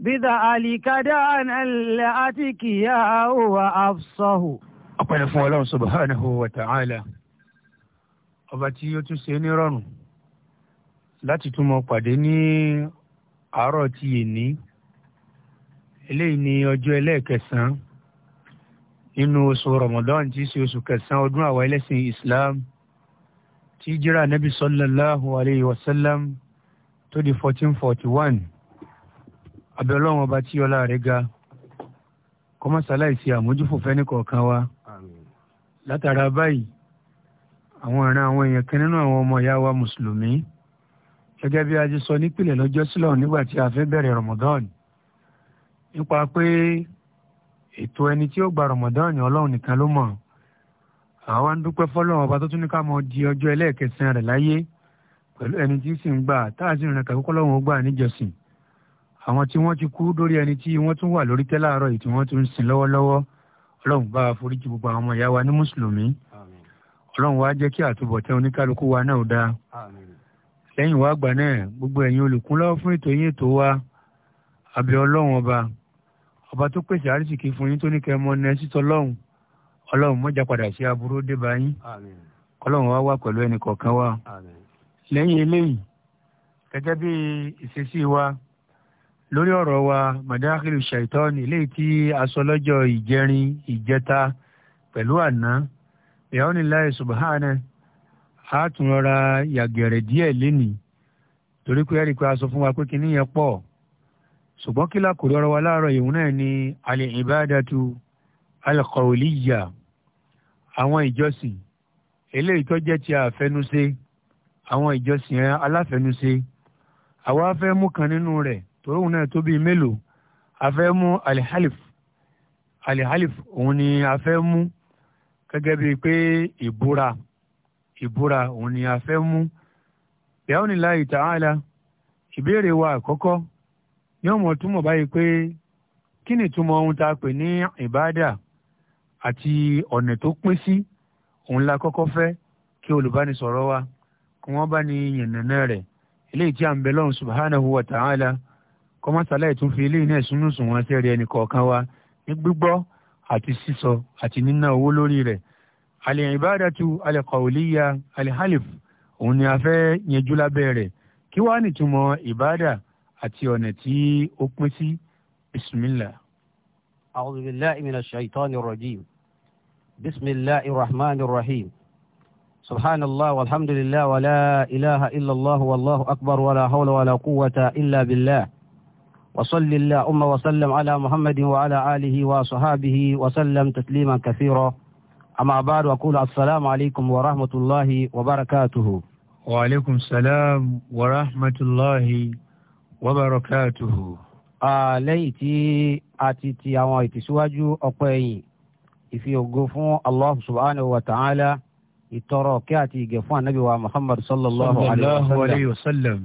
بذلك دعنا الأتكياء وأفصه أقول فو الله سبحانه وتعالى ọba tí ó tún ṣe ní rọrùn láti tún mọ pàdé ní àárọ̀ tí èní eléyìí ni ọjọ́ ẹlẹ́ẹ̀kẹsàn-án nínú oṣù Ramadan tí í ṣe oṣù kẹsàn ọdún àwa ẹlẹ́sìn Islam tí jíra nabi sallallahu alayhi wa sallam tó di fourteen forty one abẹ́ ọlọ́run ọba tí ọlá rẹ̀ ga kọ́mọ́sáláì ṣe àmójúfò fẹ́ni kọ̀ọ̀kan wa látara báyìí àwọn ìran àwọn èèyàn kan nínú àwọn ọmọ ìyá wa mùsùlùmí gẹ́gẹ́ bí a ti sọ nípìnlẹ̀ lọ́jọ́ sílọ̀ nígbà tí a fẹ́ bẹ̀rẹ̀ Ramadan nípa pé ètò ẹni tí ó gba Ramadan ọlọ́run nìkan ló mọ̀ àwa ń dúpẹ́ fọ́lọ́run ọba tó tún ní ká mọ di ọjọ́ ẹlẹ́ẹ̀kẹsàn rẹ̀ láyé pẹ̀lú ẹni tí sì ń gbà tá a sì rìn kàkókò lọ́wọ́ gbà níjọsìn àwọn tí wọ́n ti kú lórí ẹni tí wọ́n tún wà lórí tẹ́láàárọ̀ yìí tí wọ́n tún ń sin lọ́wọ́lọ́wọ́ ọlọ́run bá wa foríjì gbogbo àwọn ọmọ ìyá wa ní mùsùlùmí ọlọ́run wá jẹ́ kí àtúbọ̀tán oníkálukú wa náà dáa lẹ́yìn wá gbà náà gbogbo ẹ̀yin olùkúnlọ́wọ́ fún ètò yín ètò wa àbẹ̀ ọlọ́run ọba ọba tó pèsè àrísìkí fún yín tó ní kẹ́ mọ́ nẹ́ẹ́sì tọ́lọ́run ọlọ́run mọ́jà padà sí aburú débà yín ọlọ́run wá wà pẹ̀lú ẹnì kọ̀ọ̀kan wa lẹ́yìn eléyìí gẹ́gẹ́ bí ìṣesí wa. Amen lórí ọ̀rọ̀ wa madakilu shaitan eléyìí tí a sọ lọ́jọ́ ìjẹrin ìjẹta pẹ̀lú àná ìyáwónìláì subhana a tún rọra yàgẹ̀rẹ̀ díẹ̀ lénìí torí pé ẹ̀rí pé a sọ fún wa pé kíní yẹn pọ̀ ṣùgbọ́n kí lákòrí ọ̀rọ̀ wa láàárọ̀ ìhun náà ni alẹ́ ìbádàtu alkọ̀ọ́lìyà àwọn ìjọsìn eléyìí tó jẹ́ ti àfẹnusẹ àwọn ìjọsìn aláfẹnusẹ àwa fẹ́ mú kan nínú rẹ̀ tòun náà tó bíi mélòó a fẹ́ mú alihalif alihalif òun ni a fẹ́ mú gẹ́gẹ́ bíi pé ìbúra ìbúra òun ni a fẹ́ mú bẹ́ẹ̀ni láì tààlà ìbéèrè wa àkọ́kọ́ yóò mọ̀ túmọ̀ báyìí pé kí ni túmọ̀ ohun tá a pè ní ìbáàdà àti ọ̀nà tó pín sí òun la kọ́kọ́ fẹ́ kí olùbánisọ̀rọ̀ wa kí wọ́n bá ní yànnàná rẹ̀ eléyìí tí a ń bẹ lọ́run subhanahu wa ta'ala kọ́mọ́sálà ìtún fi eléyìí náà sínú sùn wọn sẹ́rí ẹnì kọ̀ọ̀kan wa ní gbígbọ́ àti sísọ àti níná owó lórí rẹ̀ al-ibadatu al-qawliya al-halif òun ni a fẹ́ yanjú lábẹ́ rẹ̀ kí wàá nìtumọ̀ ìbáàdà àti ọ̀nà tí ó pín sí bismillah. a'udhu billahi minash shaitani rajim bismillahi rahmani rahim. سبحان الله والحمد لله ولا إله إلا الله والله أكبر ولا حول ولا قوة وصل اللهم وسلم على محمد وعلى آله وصحابه وسلم تسليما كثيرا أما بعد أقول السلام عليكم ورحمة الله وبركاته وعليكم السلام ورحمة الله وبركاته lẹ́yìn tí a ti ti àwọn ìtẹ̀síwájú ọ̀pọ̀ ẹ̀yìn ìfi ògo fún allah subhanahu wa ta'ala ìtọrọ kí àti ìgẹ̀ fún anabi wa muhammad sallallahu alayhi wa sallam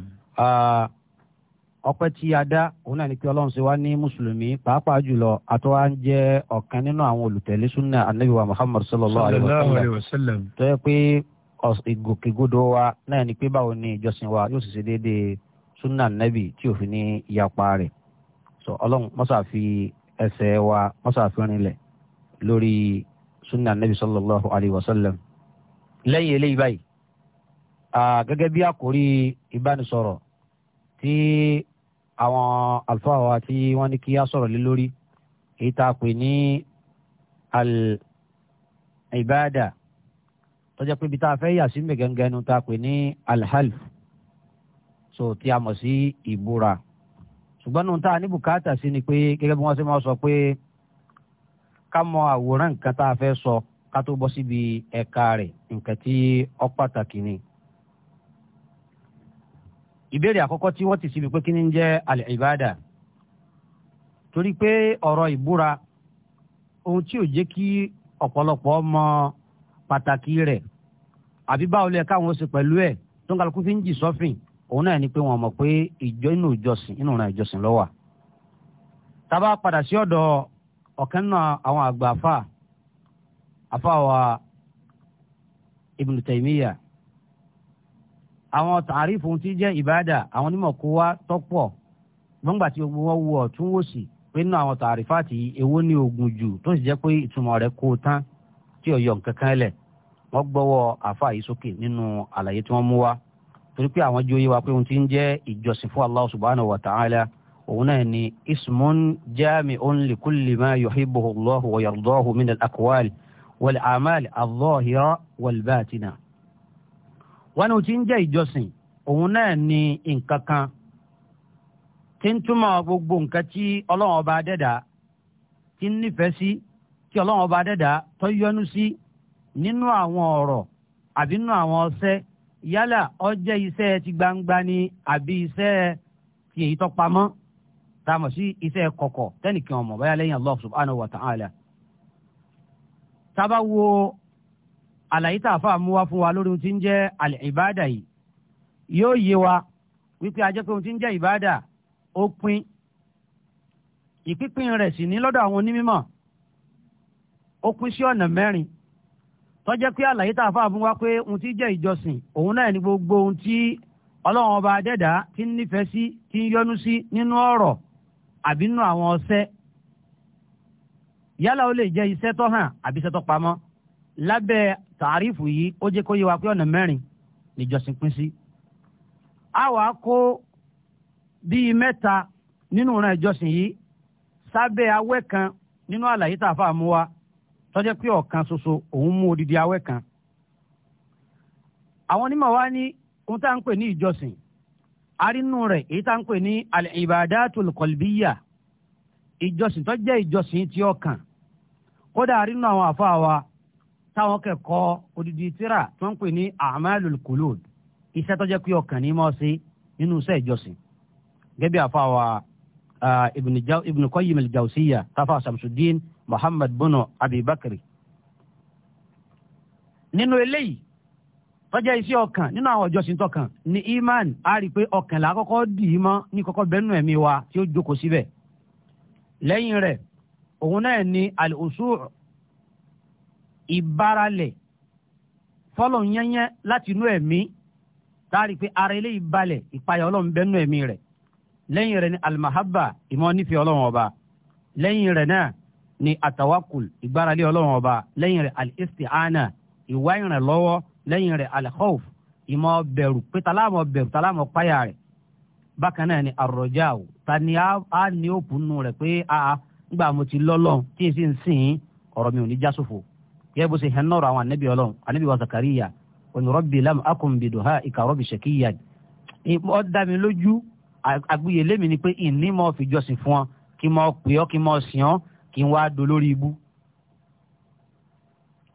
ọpẹ́ tí a dá òun náà ni kí Ọlọ́run ṣe wá ní mùsùlùmí pàápàá jùlọ àtọwá ń jẹ ọ̀kan nínú àwọn olùtẹ̀lé súnà anabiwa muhammad sallallahu alayhi wa sallam tó yẹ pé ìgòkègodò wa náà ni pé báwo ni ìjọsìn wa yóò sì ṣe déédéé súnà nabi tí òfin ní ìyapa rẹ̀ sọ Ọlọ́run mọsà fi ẹsẹ̀ wa mọsà fi rinlẹ̀ lórí súnà nabi sallallahu alayhi wa sallam lẹ́yìn eléyìí báyìí gẹ́gẹ́ bí àkórí ìbánisọ̀rọ̀ tí àwọn àlùfáà wa tí wọ́n ní kí á sọ̀rọ̀ lé lórí èyí tá a pè ní al tó jẹ́ pé ibi tá a fẹ́ yà sí mẹ̀gẹ́ngẹ́nu tá a pè ní al so tí a mọ̀ sí ìbúra ṣùgbọ́n nù tá a ní bùkátà sí ni pé gẹ́gẹ́ bí wọ́n ṣe máa sọ pé ká mọ àwòrán nǹkan tá a fẹ́ sọ ká tó bọ́ síbi ẹ̀ka rẹ̀ nǹkan tí ó pàtàkì ni. ìbéèrè àkọ́kọ́ tí wọ́n ti síbi pé kí ní jẹ́ al torí pé ọ̀rọ̀ ìbúra ohun tí ò jẹ́ kí ọ̀pọ̀lọpọ̀ mọ pàtàkì rẹ̀ àbí báwo lẹ káwọn pẹ̀lú ẹ̀ tó ń fi ń jì sọ́fìn òun náà ni pé wọ́n mọ̀ pé ìjọ inú ìjọsìn inú ìjọsìn tábà padà sí ọ̀dọ̀ náà àwọn àgbà àfà àwọn tààrífù tí jẹ́ ìbáàdà àwọn onímọ̀ kó wá tọ́pọ̀ gbọ́ngbà tí gbogbo wọn wọ ọ̀tún wò sí pé nínú àwọn tààrífàtì èwo ní ogun jù tó sì jẹ́ pé ìtumọ̀ rẹ̀ kó tán tí ò yọ nǹkan kan lẹ̀ wọ́n gbọ́wọ́ àfa yìí sókè nínú àlàyé tí wọ́n mú wá torí pé àwọn jóyè wa pé ohun tí ń jẹ́ ìjọsìn fún Allah subhanahu wa ta'ala òun náà ni ismun jami'un li kulli ma yuhibbuhu Allahu wa yardahu min al-aqwali wal a'mal adh-dhahira wal batina wọn ní o ti ń jẹ́ ìjọsìn òun náà ni nǹkan kan tí ń túmọ̀ gbogbo nǹkan tí ọlọ́run ọba adẹ́dà ti ń nífẹ̀ẹ́ sí tí ọlọ́run ọba adẹ́dà tó yọ́nú sí nínú àwọn ọ̀rọ̀ àbí nínú àwọn ọṣẹ́ yálà ó jẹ́ iṣẹ́ ti gbangba ni àbí iṣẹ́ ti èyí tó pamọ́ tá a mọ̀ sí iṣẹ́ kọ̀kọ̀ tẹ́nìkan ọmọ báyà lẹ́yìn Allah subhanahu wa ta'ala. tá wo àlàyé tá a fà mú wa fún wa lórí ohun tí ń jẹ́ àlìbáàdà yìí yóò yé wa wípé a jẹ́ pé ohun tí ń jẹ́ ìbáàdà ó pín ìpínpín rẹ̀ sì ní lọ́dọ̀ àwọn onímọ̀ ó pín sí ọ̀nà mẹ́rin tó pé àlàyé tá a fà mú wa pé ohun tí jẹ́ ìjọsìn òun náà ni gbogbo ohun tí ọlọ́run ọba adẹ́dá ti ń nífẹ̀ẹ́ sí ti ń yọ́nú sí nínú ọ̀rọ̀ àbí nínú àwọn ọ̀sẹ́ yálà ó lè jẹ́ iṣẹ́ tó hàn àbí iṣẹ́ tó pamọ́ lábẹ́ tààrífù yìí ó jẹ́ kó yé wa pé ọ̀nà mẹ́rin níjọsìn pín sí. a wà á kó bíi mẹ́ta nínú ìran ìjọsìn yìí sábẹ́ awẹ́ kan nínú àlàyé tá a fà mú wa tọ́jẹ́ pé ọ̀kan ṣoṣo òun mú odidi awẹ́ kan. àwọn onímọ̀ wa ní ohun tá à ń pè ní ìjọsìn arínú rẹ̀ èyí tá à ń pè ní al-ibadatul qalbiyya ìjọsìn tó jẹ́ ìjọsìn tí ọkàn kódà arínú àwọn àfa wa. táwọn kẹ́kọ̀ọ́ odidi tíra tó ń pè ní amalul kulud iṣẹ́ tó jẹ́ pé ọkàn ní mọ́ sí nínú iṣẹ́ ìjọsìn gẹ́gẹ́ àfa wa ibn qayyim al-jawsiya tafa samsudin muhammad bunu abibakri nínú eléyìí tó jẹ́ iṣẹ́ ọkàn nínú àwọn ìjọsìn tọkàn ní iman a rí i pé ọkàn là dì í mọ́ ní kọ́kọ́ bẹ́nu ẹ̀mí wa tí ó jókòó síbẹ̀ lẹ́yìn rẹ̀ òun náà ní al-usu' ìbáralẹ̀ fọlọ̀ yẹ́nyẹ́ láti inú ẹ̀mí táàrí pé ara ilé ìbalẹ̀ ìpayà ọlọ́run bẹ́ẹ̀ nú ẹ̀mí rẹ̀ lẹ́yìn rẹ̀ ni alimahaba ìmọ̀ nífẹ̀ẹ́ ọlọ́run ọba lẹ́yìn rẹ̀ náà ni atawakul ìgbáralé ọlọ́run ọba lẹ́yìn rẹ̀ alistiana ìwá ìrànlọ́wọ́ lẹ́yìn rẹ̀ alikhof ìmọ̀ bẹ̀rù pé talámọ̀ bẹ̀rù talámọ̀ páyà rẹ̀ bákan náà ni arọ̀jà o ta ni a ní òpùnú rẹ̀ pé a nígbà mo ti lọ́lọ́ tí n sì ń sìn ọ̀rọ̀ mi ò ní já sófo gẹ́gẹ́ bó ṣe hẹ́n náà rọ àwọn anabi ọlọ́run ànábì wa zakariya òní rọ́bì lam akun bìdùhà ìka rọ́bì ṣèkìyà ọ dá mi lójú àgbéyẹlé mi ni pé ìní mọ́ fi jọ́sìn fún ọ kí mọ́ pè ọ́ kí mọ́ sìn ọ́ kí n wá do lórí ibú.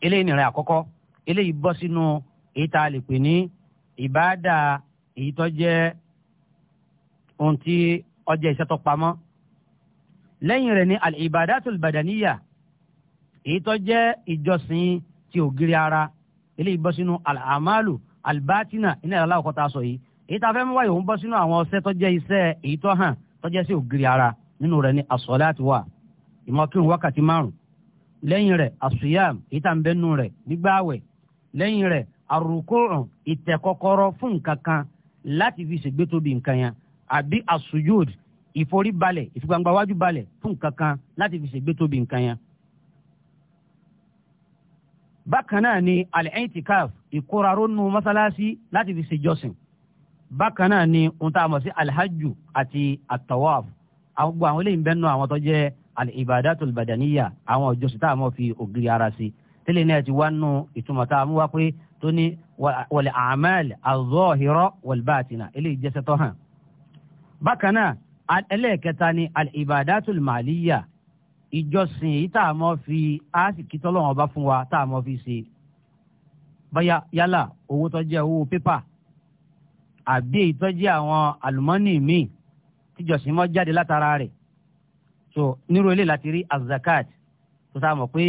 eléyìí nìrẹ̀ àkọ́kọ́ eléyìí bọ́ sínú èyí tá a lè pè ní ìbáàdà èyí tó jẹ́ ohun tí ọjọ́ iṣẹ́ pamọ́ lẹ́yìn rẹ̀ ni al-ibadatul badaniyya èyí tó jẹ́ ìjọsìn ti ògiri ara eléyìí bọ́ sínú àmàlù albatina iná ìlànà àkọ́tà sọ yìí èyí tá a fẹ́ mú wáyé òun bọ́ sínú àwọn ọṣẹ tó jẹ́ iṣẹ́ èyí tó hàn tó jẹ́ sí ògiri ara nínú rẹ̀ ni asọ́láàtì wà ìmọ̀kírun wákàtí márùn lẹ́yìn rẹ̀ asuyam èyí tá a ń bẹ́ nù rẹ̀ gbígbààwẹ̀ lẹ́yìn rẹ̀ arukóhùn ìtẹ̀kọ́kọ́rọ́ fún nǹkan láti fi ṣègbè tóbi nǹkan yẹn àbí asujud ìforíbalẹ̀ ìfigbangba wájú balẹ̀ fún nǹkan kan láti fi ṣègbè tóbi nǹkan yẹn bákan náà ni al-i'tikaf ìkóraró nu mọ́sálásí láti fi ṣèjọsìn bákan náà ni ohun tá a mọ̀ sí alhajju àti atawaf àwọn gbogbo àwọn eléyìí ń bẹ́ẹ̀ àwọn tó jẹ́ al-ibadatul badaniya àwọn ìjọsìn tá a mọ̀ fi ògiri ara sí tẹ́lẹ̀ náà ti wá ìtumọ̀ tá a mú wá pé tó ní wàlẹ̀ amal az-zahira wal eléyìí jẹ́sẹ̀ tó hàn. bákan náà ẹlẹ́ẹ̀kẹta ni al-ibadatul maliya ìjọsìn èyí tá a mọ̀ fi áásìkí tọ́lọ́wọ́n ọba fún wa tá a mọ̀ fi ṣe báyà yálà owó tó jẹ́ owó pépà àbí èyí tó àwọn àlùmọ́nì míì tíjọsìn mọ́ jáde látara rẹ̀ so nírú ilé láti rí azakat tó tá a mọ̀ pé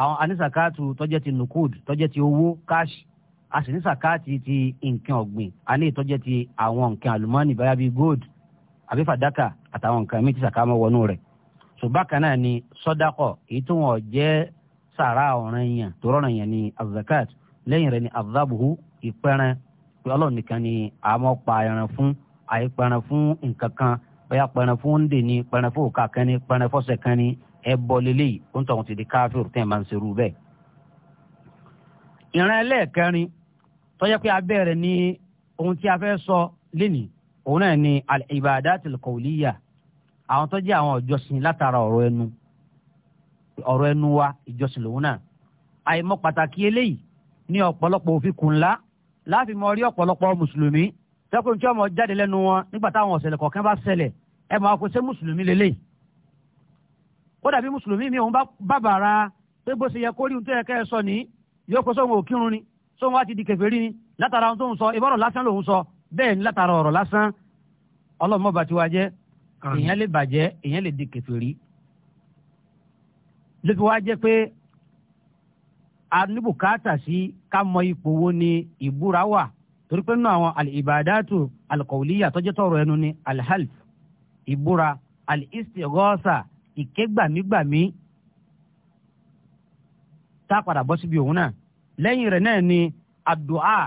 àwọn anisakatu tó ti nukud tó ti owó káàṣì a sì ní sàkáàtì ti nǹkan ọ̀gbìn a ní tó ti àwọn nǹkan àlùmọ́nì báyà bíi gold àbí fàdákà àtàwọn nǹkan míì tí sàkáàmọ́ wọnú rẹ̀ ṣùgbọ́n náà ni sọ́dákọ̀ èyí tí wọ́n jẹ́ sàrà ọ̀ràn yẹn tó rọrùn yẹn ni azakat lẹ́yìn rẹ̀ ni azabuhu ìpẹ́rẹ́ pé ọlọ́run nìkan ni àmọ́ pa ẹran fún àìpẹran fún nǹkan kan bóyá pẹran fún ndè ni pẹran fún òkà kan ni pẹran fọ́sẹ̀ kan ni ẹbọ lélẹ́yìí ó ń tọ̀hún ti di káfíìrù tẹ́ ẹ̀ máa ń serú bẹ́ẹ̀. ìran ẹlẹ́ẹ̀kẹrin tó jẹ́ pé abẹ́rẹ́ ni ohun tí a fẹ́ sọ lénìí òun náà ni al-ibadatil àwọn tó jẹ́ àwọn ìjọsìn látara ọ̀rọ̀ ẹnu ọ̀rọ̀ ẹnu wa ìjọsìn lòun náà àìmọ̀ pàtàkì eléyìí ní ọ̀pọ̀lọpọ̀ òfin kùnlá láàfin mọ rí ọ̀pọ̀lọpọ̀ mùsùlùmí tẹ́kùn tí ọmọ jáde lẹ́nu wọn nígbà táwọn ọ̀sẹ̀lẹ̀ kọ̀ọ̀kan bá ṣẹlẹ̀ ẹ máa kó ṣe mùsùlùmí lélẹ́yìí ó dàbí mùsùlùmí mi òun bá bàrà pé bó ṣe yẹ kó rí ohun tó yẹ kẹ́ sọ nìyí yóò kó sóhun òkírun ni sóhun wá ti di kèfèrí ni látara ohun tó ń sọ ìbọ̀rọ̀ lásán lòun sọ bẹ́ẹ̀ ni látara ọ̀rọ̀ lásán ọlọ́mọba tiwa jẹ́ èèyàn lè bàjẹ́ èèyàn lè di kèfèrí lóbi wá jẹ́ pé a ní bùkátà sí ká mọ ipò wo ni ìbúra wà torí pé nínú àwọn al-ibadatu al-qawliya tó ẹnu ni al-half ìbúra al-istighatha ìkégbàmígbàmí tá a padà bọ́ síbi òun náà lẹ́yìn rẹ̀ náà ni àdúà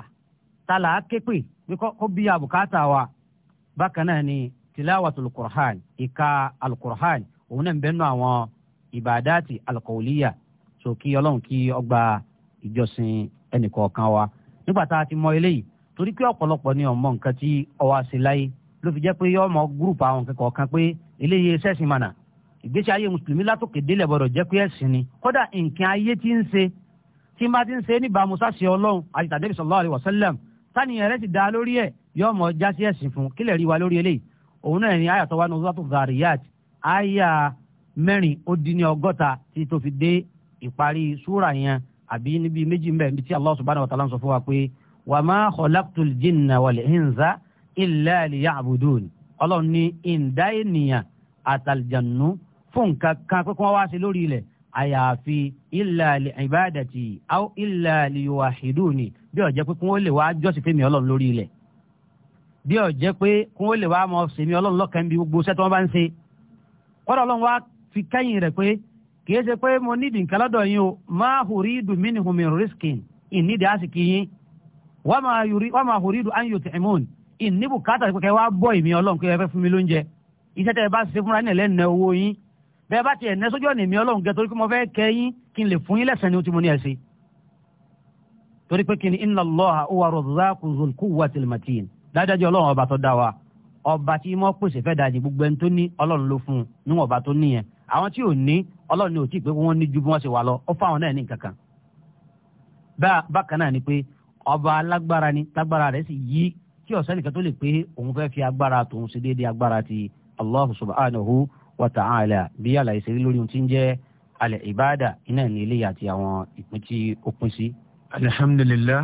tala képe kó bí abùkátà wa bákan náà ni tilawatul qur'an ìka alukur'an òun náà ń bẹ́ẹ̀ nù àwọn ìbàdàtì alukọ̀wòlíyà so kí ọlọ́run kí ọgbà ìjọsìn ẹnìkọ̀ọ̀kan wa nígbà tá a ti mọ eléyìí torí pé ọ̀pọ̀lọpọ̀ ni ọmọ nǹkan tí ọwọ́ àṣẹ láyé ló fi jẹ́ pé yọ ọmọ gúrùpù àwọn kẹ́kọ̀ọ́ kan pé eléyìí sẹ́sìn mànà ìgbésí ayé mùsùlùmí látòkè délẹ̀ gbọ́dọ̀ jẹ́ pé ẹ̀sìn ni kódà nǹkan ayé ti ń ṣe tí n bá ti ń ṣe níbàámu sáṣẹ ọlọ́run àti tàdébí sallallahu alaihi wasallam táníyàn rẹ ti dá lórí ẹ̀ yọ ọmọ já ẹ̀sìn fún kílẹ̀ rí wa lórí eléyìí òun náà ní àyà tó wá ní ọzọ́tò zariyat àyà mẹ́rin ó dín ní ọgọ́ta tí tó fi dé ìparí súra yẹn àbí níbi méjì mbẹ́ níbi tí Allah subhanahu wa ta'ala ń sọ fún wa pé wa ma khalaqtul jinna wal insa illa liya'budun ọlọ́run ní ìǹdá ènìyàn àtàlìjànú fún nǹkan kan pé kí wọ́n wá sí lórí ilẹ̀ àyàfi illa li ibadati aw illa liyuwahiduni bí ó pé kí wọ́n lè wá jọ́sìn fẹ́mi ọlọ́run lórí ilẹ̀ bí ó jẹ́ pé kí wọ́n lè wá mọ sèmi ọlọ́run lọ́kàn bí gbogbo sẹ́tọ́ wọn bá ń ṣe kọ́dọ̀ ọlọ́run wá fi kẹ́yìn rẹ̀ pé kìí ṣe pé mo nídìí nǹkan lọ́dọ̀ yín o máa hùrí dùn mí ni hùmí rìskìn ìnídìí àsìkí yín wọ́n máa hùrí dùn áyùn tẹ̀mọ́n ìní bùkátà pé kẹ́ wá bọ́ ìmí ọlọ́run pé ẹ fẹ́ fún mi lóúnjẹ iṣẹ́ tẹ́ ẹ bá ṣe fúnra nílẹ̀ nà owó yín bẹ́ẹ̀ bá tiẹ̀ nẹ́ sójú ọ̀nà ìmí ọlọ́run gẹ torí pé mo fẹ́ kẹ́ yín kí n lè fún yín lẹ́sẹ̀ ni ó ti mo ní ẹ̀ torí pé kí ni inna Allaha huwa razzaqu dhul quwwatil dájájọ́ ọlọ́run ọba tó dá wa ọba tí mọ́ pèsè fẹ́ dájú gbogbo ẹni tó ní ọlọ́run ló fún un níwọ̀n ọba tó níyẹn àwọn tí ò ní ọlọ́run ni ò tí ì pé wọ́n ní ju bí wọ́n ṣe wà lọ ó fáwọn náà ní nǹkan kan bákan náà ni pé ọba alágbára ni tágbára rẹ̀ sì yí kí ọ̀sẹ́ nìkan tó lè pé òun fẹ́ fi agbára tòun ṣe déédéé agbára ti allah subhanahu wa ta'ala bí àlàyé ṣe rí lórí ohun tí ń jẹ́ alẹ́ ìbáàdà iná ní ilé àti àwọn ìpín tí ó pín sí. alhamdulillah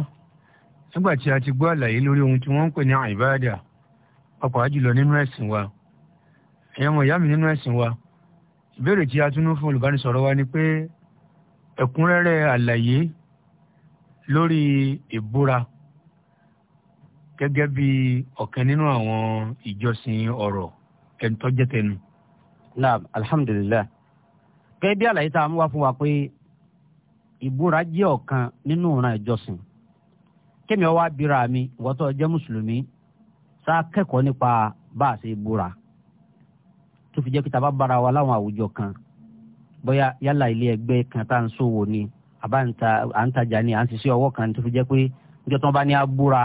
nígbà tí a ti gbọ́ àlàyé lórí ohun tí wọ́n ń pè ní àìbáàdà ọkọ̀ àjùlọ nínú ẹ̀sìn wa ẹ̀yẹ́ ọmọ ìyá mi nínú ẹ̀sìn wa ìbéèrè tí a tún fún olùbánisọ̀rọ̀ wa ni pé ẹ̀kúnrẹ́rẹ́ àlàyé lórí ìbúra gẹ́gẹ́ bí ọ̀kan nínú àwọn ìjọsìn ọ̀rọ̀ ẹ̀ńtọ́jẹ́tẹnu. naam alhamdulilayi gẹ́gẹ́ bí àlàyé tá a mú wá fún wa pé ìbúra jẹ́ ọ̀kan nínú ọ̀ràn ìjọsìn kémi ọwọ́ abira mi wọ́tọ̀ jẹ́ mùsùlùmí sá kẹ́kọ̀ọ́ nípa bá a ṣe búra tó fi jẹ́ kí taba bára wa láwọn àwùjọ kan bóyá yálà ilé ẹgbẹ́ kan tá à ń ṣòwò ni àbá à ń tajà ni à ń ṣiṣẹ́ ọwọ́ kan tó fi jẹ́ pé níjọ́ tó ń bá ní abúra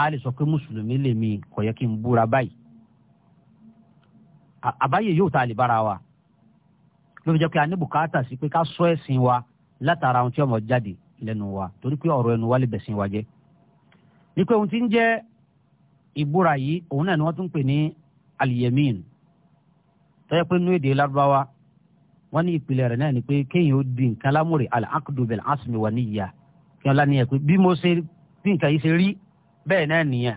a lè sọ pé mùsùlùmí lèmi kò yẹ kí n búra báyìí àbáyé yóò tá lè bára wa ló fi jẹ́ pé a ní bùkátà sí pé ká sọ ẹ̀sìn wa látara ohun tí ọmọ jáde lẹ́nu wa torí pé ọ̀rọ̀ ẹnu wa lè bẹ̀sìn wa jẹ́ ní pé ohun tí ń jẹ́ ìbúra yìí òun náà ni wọ́n tún pè ní aliyemin tó yẹ pé nínú èdè lárúbáwá wọ́n ní ìpìlẹ̀ rẹ̀ náà ni pé kéèyàn ó di nǹkan lámúre al-aqdu bil wa niyya kí lánìyàn pé bí mo ṣe bí nǹkan yìí ṣe rí bẹ́ẹ̀ náà nìyẹn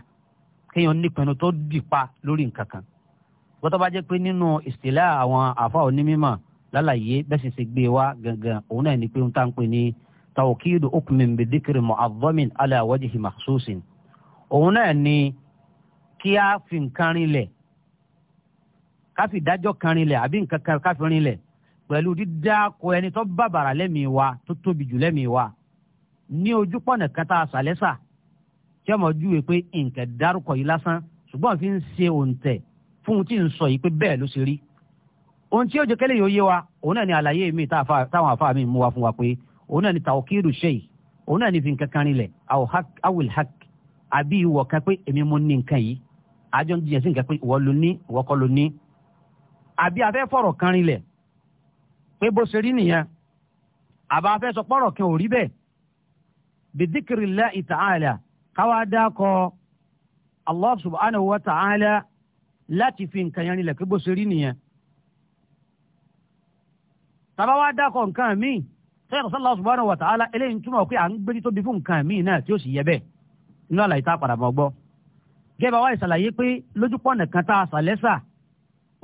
kéèyàn nípinnu tó dì pa lórí nǹkan kan gbọ́dọ̀ bá jẹ́ pé nínú ìsìlẹ̀ àwọn àfa onímọ̀ lálàyé bẹ́ẹ̀ sì ṣe gbé e wa gangan òun náà ni pé ń tá ń pè ní tawkidu hukmin bidikiri mu'azzamin ala wajhi makhsusin òun náà ni kí a fi nǹkan rinlẹ̀ ká fi ìdájọ́ kan rinlẹ̀ àbí nǹkan kan ká fi rinlẹ̀ pẹ̀lú dídáko ẹni tó bàbàrà lẹ́mìí wa tó tóbi jù lẹ́mìí wa ní ojú pọ̀nà kan tá a sàlẹ́sà tí ọmọ júwe pé nǹkan dárúkọ yìí lásán ṣùgbọ́n fi ń ṣe òǹtẹ̀ fún un tí ń sọ yìí pé bẹ́ẹ̀ ló ṣe rí ohun tí ó jẹ́ kẹ́lẹ́ yìí ó yé wa òun náà ni àlàyé mi táwọn àfáà mú wa fún wa pé òun náà ni tàwọ́kìrù ṣẹ́yì òun náà ni fi nǹkan kan rinlẹ̀ awil hak àbí ìwọ kan pé èmi mo ní nǹkan yìí àjọ ń jiyàn sí nǹkan pé ìwọ ló ní ìwọ kọ́ ló ní àbí afẹ́ fọ̀rọ̀ kan rinlẹ̀ pé bó ṣe rí nìyẹn àbá afẹ́ sọ pọ̀rọ̀ kan ò rí bẹ́ẹ̀ bìdíkìrì ta'ala káwá dákọ Allah subhanahu wa ta'ala láti fi nǹkan yẹn rinlẹ̀ pé bó ṣe rí nìyẹn tàbá wá dákọ nǹkan míì sẹ́yìn sọ́lá subhanahu wa ta'ala eléyìí túmọ̀ pé à ń gbérí tó di fún nǹkan náà tí ó sì yẹ bẹ́ẹ̀ nínú àlàyé tá a padà mọ́ gbọ́. gẹ́gẹ́ bá pé lójúpọ̀nà a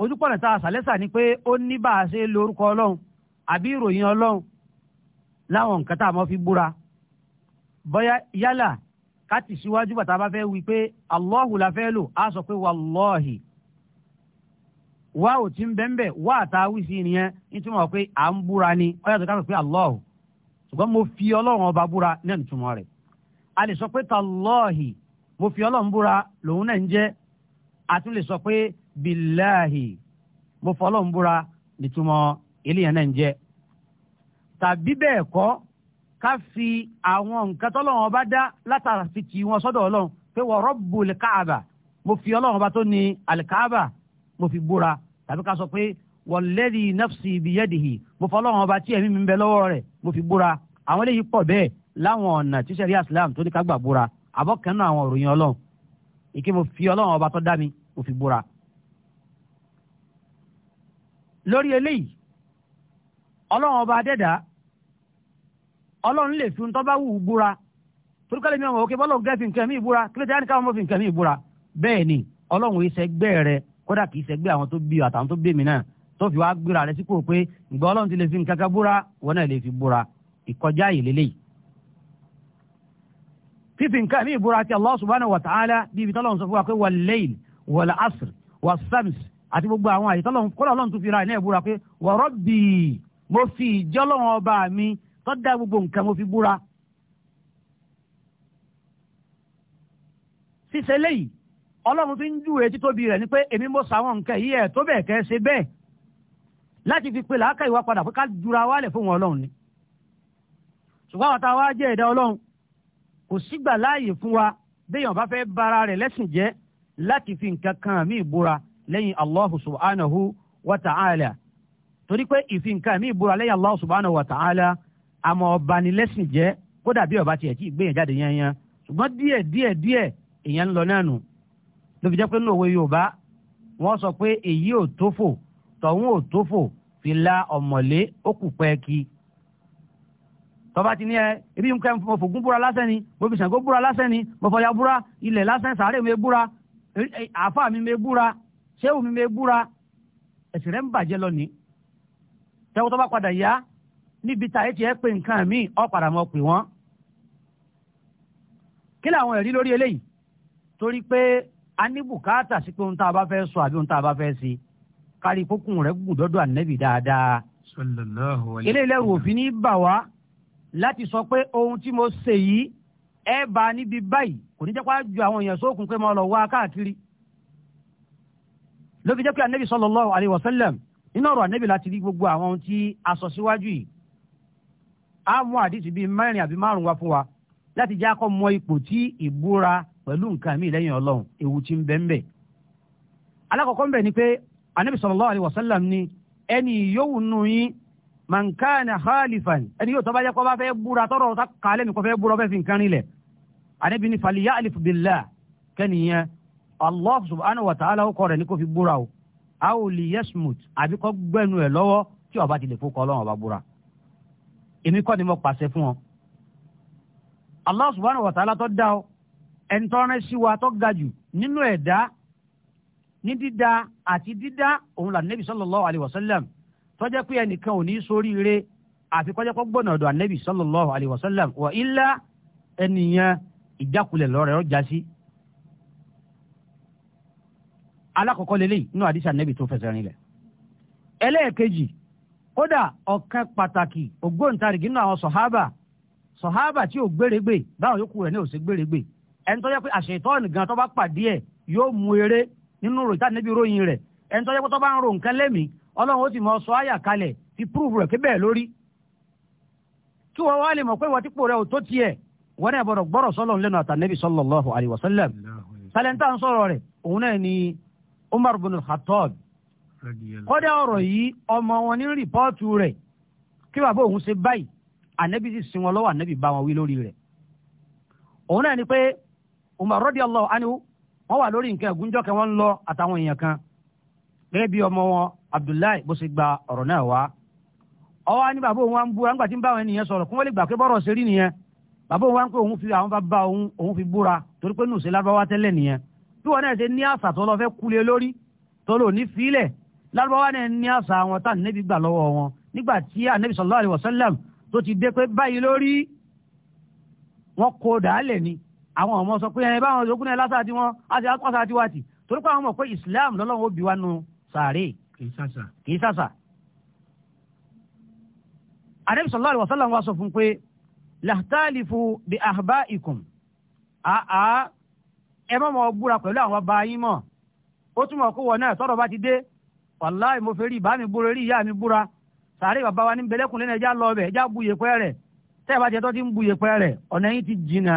ojúpọ̀nà tá a ni pé ó ní bá a ṣe lórúkọ ọlọ́run àbí ìròyìn ọlọ́run láwọn nǹkan tá a mọ́ fi búra bọ́yá yálà ká ti síwájú bàtà bá fẹ́ wí pé Allahu la fẹ́ lò á sọ wa ò tí ń bẹ́ńbẹ́ wá àtàwí sí nìyẹn nítumọ̀ pé à ń búra ni ó yàtọ̀ ká sọ pé Allah ṣùgbọ́n mo fi ọlọ́run ọba búra náà nítumọ̀ rẹ̀ a lè sọ pé tàlọ́ọ̀hì mo fi ọlọ́run búra lòun náà ń jẹ́ a tún lè sọ pé bíláàhì mo fọ ọlọ́run búra nítumọ̀ eléyàn náà ń jẹ́ tàbí bẹ́ẹ̀ kọ́ ká fi àwọn nǹkan tọ́lọ́run ọba dá látara fi tì wọn sọ́dọ̀ ọlọ́run pé wa Rabbul Kaaba mo fi ọlọ́run ọba tó ní àlìkáàbà mo fi búra tàbí ká sọ pé wọ̀lẹ́dì nafsi biyadihi mo fọlọ́run ọba tí ẹ̀mí mi ń bẹ lọ́wọ́ rẹ̀ mo fi búra àwọn eléyìí pọ̀ bẹ́ẹ̀ láwọn ọ̀nà tí sẹ́rí islam tó ní ká gbà búra àbọ̀kan náà àwọn òròyìn ọlọ́run ìkí mo fi ọlọ́run ọba tó dá mi mo fi búra. lórí eléyìí ọlọ́run ọba adẹ́dá ọlọ́run lè fi ntọ́ wù búra torí kálí mi ọmọ òkè bọ́lọ̀ gẹ́fì nǹkan mi ìbúra kílódé á kódà kì í ṣẹgbẹ́ àwọn tó bí àtàwọn tó bí mi náà tó fi wá gbéra rẹ sípò pé ìgbà ọlọ́run ti lè fi nǹkan kan búra wọn náà lè fi búra ìkọjá yìí lélẹ́yìí. fífi nǹkan mi ìbúra ti Allah subhanahu wa ta'ala bí ibi tọ́lọ́run sọ fún wa pé wal layl wal asr wal shams àti gbogbo àwọn àyè tọ́lọ́run kọ́lọ́ ọlọ́run tún fi ra ẹ̀ náà búra pé wa rabbi mo fi ìjọ́lọ́run ọba mi tó dá gbogbo nǹkan mo fi búra. ṣíṣe léyìí ọlọ́run fi ń júwe títóbi rẹ̀ ni pé èmi mo sàwọn nǹkan yìí ẹ̀ tó bẹ́ẹ̀ kẹ́ ṣe bẹ́ẹ̀ láti fi pe làákà ìwà padà pé ká jura wálẹ̀ fún wọn ọlọ́run ni ṣùgbọ́n àwọn táwa jẹ́ ẹ̀dá ọlọ́run kò sígbà láàyè fún wa béèyàn bá fẹ́ bara rẹ̀ lẹ́sìn láti fi nǹkan kan mí ìbúra lẹ́yìn Allahu subhanahu wa ta'ala torí pé ìfi nǹkan lẹ́yìn Allahu subhanahu wa ta'ala àmọ́ ló fi jẹ́ pé nínú òwe yorùbá wọ́n sọ pé èyí ò tófò tọ̀hún ò tófò fi la ọ̀mọ̀lé ó kù pẹ́ kí tọba ti ní ẹ ibi nǹkan mo fògún búra lásán ni mo fi Ṣàngó búra lásán ni mo fọya búra ilẹ̀ lásán sàárè mi búra àáfà mi mi búra ṣéwù mi mi búra ẹ̀sìn rẹ̀ ń bàjẹ́ lónìí tẹ́wọ́ tọ́ba padà yá níbi tá ẹ ti ẹ pé nǹkan míì ọ padà mọ pè wọ́n kí làwọn ẹ̀rí lórí eléyìí torí pé a ní bùkátà sí pé ohun tá a bá fẹ́ sọ àbí ohun tá a bá fẹ́ sí kárí kókùn rẹ̀ gùn dọ́dọ̀ ànẹ́bì dáadáa. ilé ilẹ̀ òfin ní bà wá láti sọ pé ohun tí mo ṣe yìí ẹ bá a níbi báyìí kò ní jẹ́ pé a ju àwọn èèyàn sókun pé mo lọ wá káàkiri. ló jẹ́ pé ànẹ́bì sallallahu alaihi wasallam nínú ọ̀rọ̀ ànẹ́bì láti rí gbogbo àwọn ohun tí a sọ síwájú yìí. a mú àdìsí bíi mẹ́rin àbí márùn-ún wá fún wa láti jẹ́ akọ́ mọ ipò tí ìbúra pẹ̀lú nǹkan mi lẹ́yìn ọlọ́run ewu ti ń bẹ ń bẹ. alákọ̀ọ́kọ́ ń bẹ ni pé anabi sallallahu alaihi wasallam ni ẹni yóò nù yín mankana khalifan ẹni yóò tọ́ba jẹ́ kọ́ bá fẹ́ búra tọ́rọ̀ ta kàálẹ̀ mi kọ́ fẹ́ búra fẹ́ fi nǹkan rinlẹ̀ anabi ni faliya alif billah kẹ́niyẹn allah subhanahu wa ta'ala ó kọ́ rẹ̀ ní kó fi búra o aw li yasmut àbí kọ́ gbẹ́nu ẹ̀ lọ́wọ́ tí ó ti lè fún kọ́ ọlọ́run ọba búra èmi kọ́ ni mo pàṣẹ fún ọ allah subhanahu wa ta'ala tó dá o ẹnitọ́rẹ́ wa tó ga jù nínú ẹ̀dá ní dídá àti dídá òun là nẹ́bí sallallahu alayhi wa sallam tó jẹ́ pé ẹnìkan ò ní sórí ire àfi kó kó gbọ́nà ọ̀dọ̀ ànẹ́bí sallallahu alayhi wa sallam wa illa ẹnìyàn ìjákulẹ̀ lọ́rẹ̀ ọjà sí. alákọ̀ọ́kọ́ lélẹ́yìí nínú àdìsí ànẹ́bí tó fẹsẹ̀ rinlẹ̀ ẹlẹ́ẹ̀kejì kódà ọ̀kan pàtàkì ògbóǹtarìgì nínú àwọn sọ̀hábà sọ̀hábà tí ò gbèrègbè báwọn yòókù rẹ̀ ní ò sí gbèrègbè ẹni tó yẹ pé àṣetọ́ọ̀nì gan tó bá pàdé ẹ̀ yóò mú eré nínú ròyìn táà níbi ròyìn rẹ̀ ẹni tó yẹ pé tó bá ń ro nǹkan lẹ́mìí ọlọ́run ó sì mọ sọ àyà kalẹ̀ ti púrúfù rẹ̀ kébẹ̀ lórí kí wọ́n wá lè mọ̀ pé wọ́n ti pò rẹ̀ ò tó tiẹ̀ wọ́n náà gbọ́dọ̀ gbọ́rọ̀ sọ́lọ́run lẹ́nu àtànẹ́bí sallallahu alaihi wasallam tálẹ́ńtà ń sọ̀rọ̀ ni Umar bin Khattab kódà ọ̀rọ̀ yìí ọmọ wọn ní rìpọ́ọ̀tù rẹ̀ kí bàbá òun ṣe báyìí ànẹ́bí sì sin wọn lọ́wọ́ ànẹ́bí òun náà ni pé Umar radiyallahu anhu wọ́n wà lórí nǹkan ẹ̀gúnjọ́ kan wọ́n ń lọ àtàwọn èèyàn kan gẹ́gẹ́ bí ọmọ wọn Abdullahi bó ṣe gba ọ̀rọ̀ náà wá ọwọ́ ní bàbá òun wá ń búra nígbà tí ń bá àwọn ènìyàn sọ̀rọ̀ kí wọ́n lè gbà pé bọ́rọ̀ ṣe rí nìyẹn bàbá òun wá ń pé òun fi àwọn bàbá òun òun fi búra torí pé nùsẹ̀ lárúbáwá tẹ́lẹ̀ nìyẹn bí wọn náà ṣe ní àwọn ọmọ sọ pé ẹ báwọn yòókù náà lásà tí wọn á ti àkọsà tí wà tì torí pé àwọn mọ̀ pé Islam lọ́lọ́run ó bí wa nu sàárè. kì í sàṣà. àdébí sallallahu alaihi wasallam wa sọ fún pé làtàlífù bí àhàbá ikùn àá ẹ mọ̀ mọ̀ búra pẹ̀lú àwọn ọba yín mọ̀ ó túmọ̀ kó wọ náà tọ́rọ̀ bá ti dé wàláì mo fẹ́ rí ìbá mi búra rí ìyá mi búra sàárè bàbá wa ní bẹ̀lẹ́kùn lẹ́nu ẹja lọ ọbẹ̀ ẹja bu yèpẹ́ rẹ̀ tẹ́ẹ̀ bá ti ẹtọ́ ti ń bu yèpẹ́ rẹ̀ ọ̀nà yín ti jìnnà.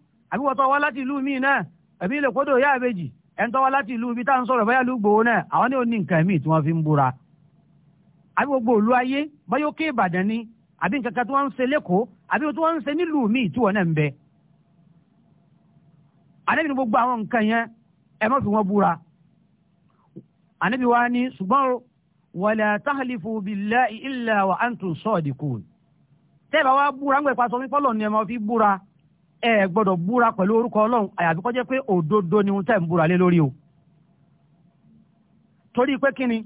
àbí wọ́n tọ́ wá láti ìlú míì náà ẹ̀mí ilẹ̀ kódò yá àbejì ẹ̀ ń tọ́ wá láti ìlú ibi tá à ń sọ̀rọ̀ báyà lùgbòó náà àwọn ní òní nǹkan míì tí wọ́n fi ń búra. àbí gbogbo òlu ayé báyọ̀ ké ìbàdàn ni àbí nǹkan kan tí wọ́n ń ṣe lẹ́kọ̀ọ́ àbí tí wọ́n ń ṣe nílùú míì tí wọ́n náà ń bẹ. àdébí ni gbogbo àwọn nǹkan yẹn ẹ má fi wọ́n búra. ànábì wa ni ṣùgbọ́n wala tahlifu billahi illa wa antum sadiqun. tẹ́ẹ̀ bá wa búra ń gbẹ̀ pa sọ fún ẹ gbọ́dọ̀ búra pẹ̀lú orúkọ ọlọ́run àyàfi kó jẹ́ pé òdodo ni ohun tẹ̀ ń búra lé lórí o torí pé kíni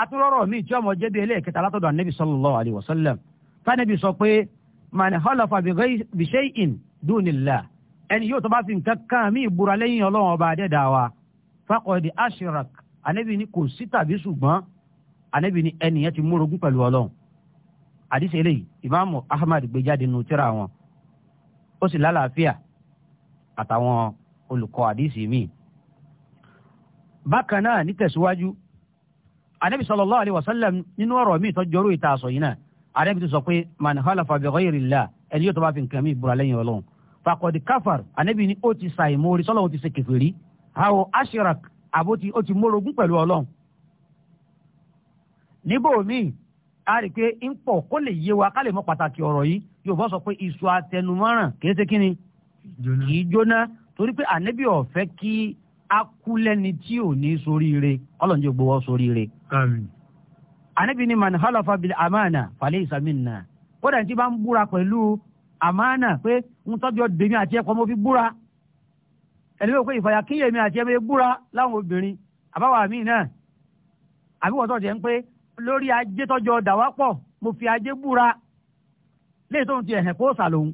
atúrọ̀rọ̀ mi tí ọmọ jẹ́bi ẹlẹ́ẹ̀kẹta látọ̀dọ̀ anabi sallallahu alayhi wa sallam tánàbí sọ pé man halafa bi shay'in dunillah ẹni yóò tó bá fi nǹkan kan mí ìbúra lẹ́yìn ọlọ́run ọba adẹ́dàá wa faqad ashrak anabi ni kò sí tàbí ṣùgbọ́n anabi ni ẹnìyẹn ti múrogún pẹ̀lú ọlọ́run àdìsẹ́ eléyìí ìmáàmù ahmad gbé jáde nù tíra wọn ó sì lálàáfíà àtàwọn olùkọ́ àdìsí míì. bákan náà nítẹ̀síwájú anabi sallallahu alayhi wa sallam nínú ọ̀rọ̀ míì tó jọrú ìta àṣọ yìí náà anabi tó sọ pé man halafa bi ghayri Allah ẹni yóò tó bá fi nǹkan míì búra lẹ́yìn ọlọ́run faqad kafar anabi ni ó ti ṣàìmórí sọlọ́run ti ṣe kèfèrí àwọn ashirak àbótí ó ti mórogún pẹ̀lú ọlọ́run níbòmíì a rí pé ń pọ̀ kó lè yé wa ká lè mọ pàtàkì ọ̀rọ̀ yìí yorùbá sọ pé iṣu atẹnumọ́ràn kìí ṣe kíni kìí jóná torí pé ànábì ọ̀fẹ́ kí akúlẹ́ni tí ò ní soríire ọlọ́run gbowó soríire. ànábì ni man halafa bil amana falaysa minna kódà tí bá ń búra pẹ̀lú amana pé ń tọ́jú ọdẹ̀mí àti ẹ̀kọ́ mo fi búra ẹni wọ́n pé ìfàyà kíyèmí àti ẹ̀mí búra láwọn obìnrin àbáwá mi náà àbí wọ́n tọ́jú ẹ̀ ń pé lórí ajé tọ́jú ọ̀dà wá pọ̀ mo fi ajé búra léyìí tó ti ẹ̀hẹ̀ kó sà lòun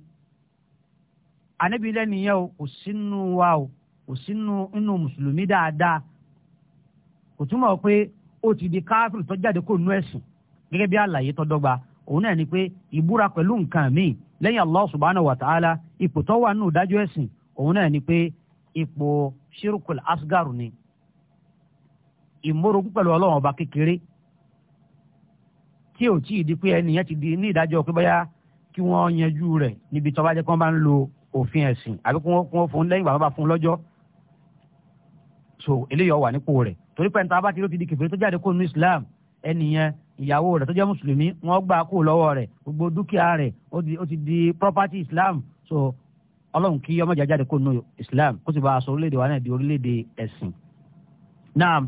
ànábi lẹ́nìyẹn o kò sínú wa o kò sínú inú mùsùlùmí dáadáa kò túmọ̀ pé ó ti di káfíìrì tó jáde kó nú ẹ̀sìn gẹ́gẹ́ bí àlàyé tó dọ́gba òun náà ni pé ìbúra pẹ̀lú nǹkan míì lẹ́yìn Allah subhanahu wa ta'ala ipò tó wà ni pé ipò ni pẹ̀lú ọba kékeré tí ò tí ì di pé ti di ní ìdájọ́ pé báyà kí wọ́n yanjú rẹ̀ níbi tó bá jẹ́ kí wọ́n bá ń lo òfin ẹ̀sìn àbí kí wọ́n fún lẹ́yìn bàbá bá fún lọ́jọ́ so eléyìí ó wà nípò rẹ̀ torí pẹ̀lú tábà tí ló ti di kèfèrè tó jáde kó nu Islam ẹnìyẹn ìyàwó rẹ̀ tó jẹ́ mùsùlùmí wọ́n gbà kó lọ́wọ́ rẹ̀ gbogbo dúkìá rẹ̀ ó ti di property Islam so ọlọ́run kí ọmọ jájáde kó nu Islam kó sì bá aṣọ orílẹ̀-èdè wa náà di orílẹ̀-èdè ẹ̀sìn naam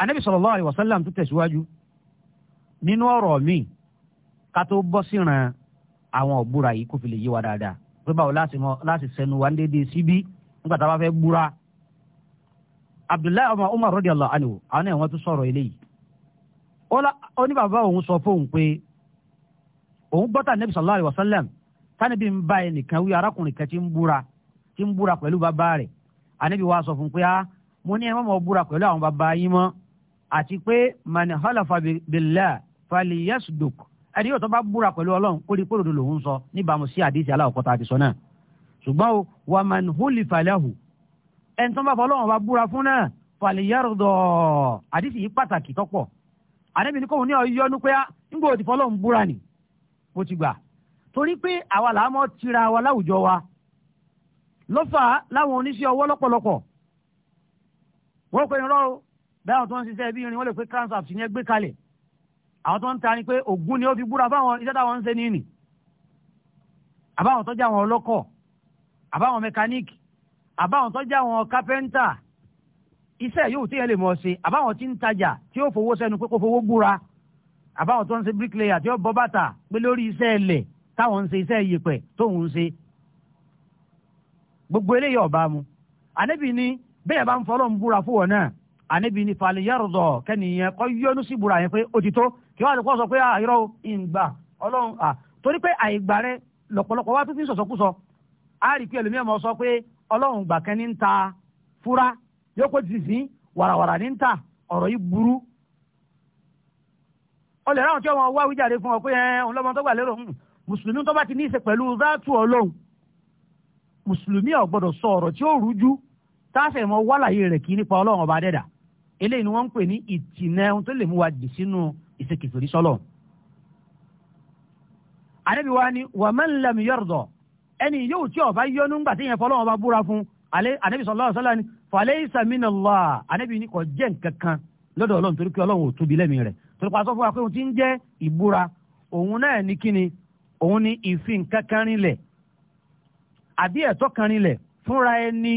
anabi sallallahu alaihi wasallam tó tẹ̀síwájú nínú ọ̀rọ̀ míì ká tó bọ́ síran àwọn ọ̀búra yìí kó fi lè yé wa dáadáa pé báwo láti mọ láti sẹnu wa ń dédé síbí nígbà tá a bá fẹ́ búra. abdullahi ọmọ umar radiyallahu anhu àwọn ẹ̀wọ̀n tún sọ̀rọ̀ eléyìí. ó ní bàbá òun sọ fóun pé òun gbọ́tà nabi sallallahu alayhi wa sallam tánibí ń bá ẹnìkan wí arákùnrin kan ti ń búra ti ń búra pẹ̀lú bàbá rẹ̀ ànábì wa sọ fún pé ah mo ní ẹ má mọ̀ búra pẹ̀lú àwọn bàbá yín mọ́ àti pé man halafa billah falyasduk ẹni yóò tó bá búra pẹ̀lú ọlọ́run kó rí pòròdó lòun sọ níbàámu sí àdìsí aláwọ̀kọ́ta àti sọ náà ṣùgbọ́n o wà á máa ń hólì fàlẹ́hù ẹni tó bá fọ ọlọ́run bá búra fún náà fàlìyàrọ̀dọ̀ àdìsí yìí pàtàkì tọ́pọ̀ àdébí ni kóhun ní ọyọ́ ní pé ńgbò ah, ti fọ ọlọ́run búra ni mo ti gbà torí pé àwa làá mọ́ tira wa láwùjọ wa lọ́fà láwọn oníṣẹ́ ọwọ́ lọ́pọ̀lọpọ̀ wọ́n pe irọ́ bẹ́ẹ̀ tó ń ṣiṣẹ́ bí irin wọ́n lè pe transaf sí ni ẹ kalẹ̀ àwọn tó ń ta ni pé Ògún ni ó fi búra fáwọn iṣẹ́ táwọn ń ṣe ní ìní àbáwọn tó jẹ́ àwọn ọlọ́kọ̀ àbáwọn mẹkáníìkì àbáwọn tó jẹ́ àwọn kápẹ́ńtà iṣẹ́ yóò tí yẹn lè mọ̀ ṣe àbáwọn tí ń tajà tí ó fowó sẹ́nu pé kó fowó búra àbáwọn tó ń ṣe bíríkìlẹ̀yà tí ó bọ́ bàtà pé lórí iṣẹ́ ẹlẹ̀ táwọn ń ṣe iṣẹ́ iyẹ̀pẹ̀ tóun ń ṣe gbogbo eléyìí ọba mu ànábì ni bẹ́ẹ̀ bá ń fọlọ́ ń búra fún wọn náà ànábì ni falẹ̀ yàrá dọ̀ kẹ́niyẹn kọ́ yọnu sí búra yẹn pé ó ti tó kí wọ́n sọ pé àìrọ̀ ah, ìgbà ọlọ́run à ah, torí pé àìgbà rẹ lọ̀pọ̀lọpọ̀ wá tó fi ń sọ̀sọ̀kúsọ á rí pé ẹlòmíràn sọ pé ọlọ́run gbà kẹ́ni ta fúra yóò kó ti sìn wàràwàrà ní ń ta ọ̀rọ̀ yìí burú ráhùn tí wá fún ọ pé ẹ òun lọ́mọ tó gbà lérò hmm, mùsùlùmí tó bá ti ní í ṣe pẹ̀lú ọlọ́run mùsùlùmí sọ ọ̀rọ̀ tí ó rújú táṣẹ̀ mọ wa ìṣèkèfèrí sọ́lọ̀ ànábì wa ni wa man lam yarda ẹni yóò tí ọba yọnu ńgbà tí yẹn fọlọ́wọ́n bá búra fún ànábì sallallahu alaihi ni falaysa min Allah ànábì ni kò jẹ́ nǹkan kan lọ́dọ̀ ọlọ́run torí pé ọlọ́run ò tóbi lẹ́mìí rẹ̀ torí pa sọ fún wa pé òun ti ń jẹ́ ìbúra òun náà ní kíni òun ni ìfi nǹkan kan rinlẹ̀ àbí ẹ̀tọ́ kan rinlẹ̀ fúnra ẹni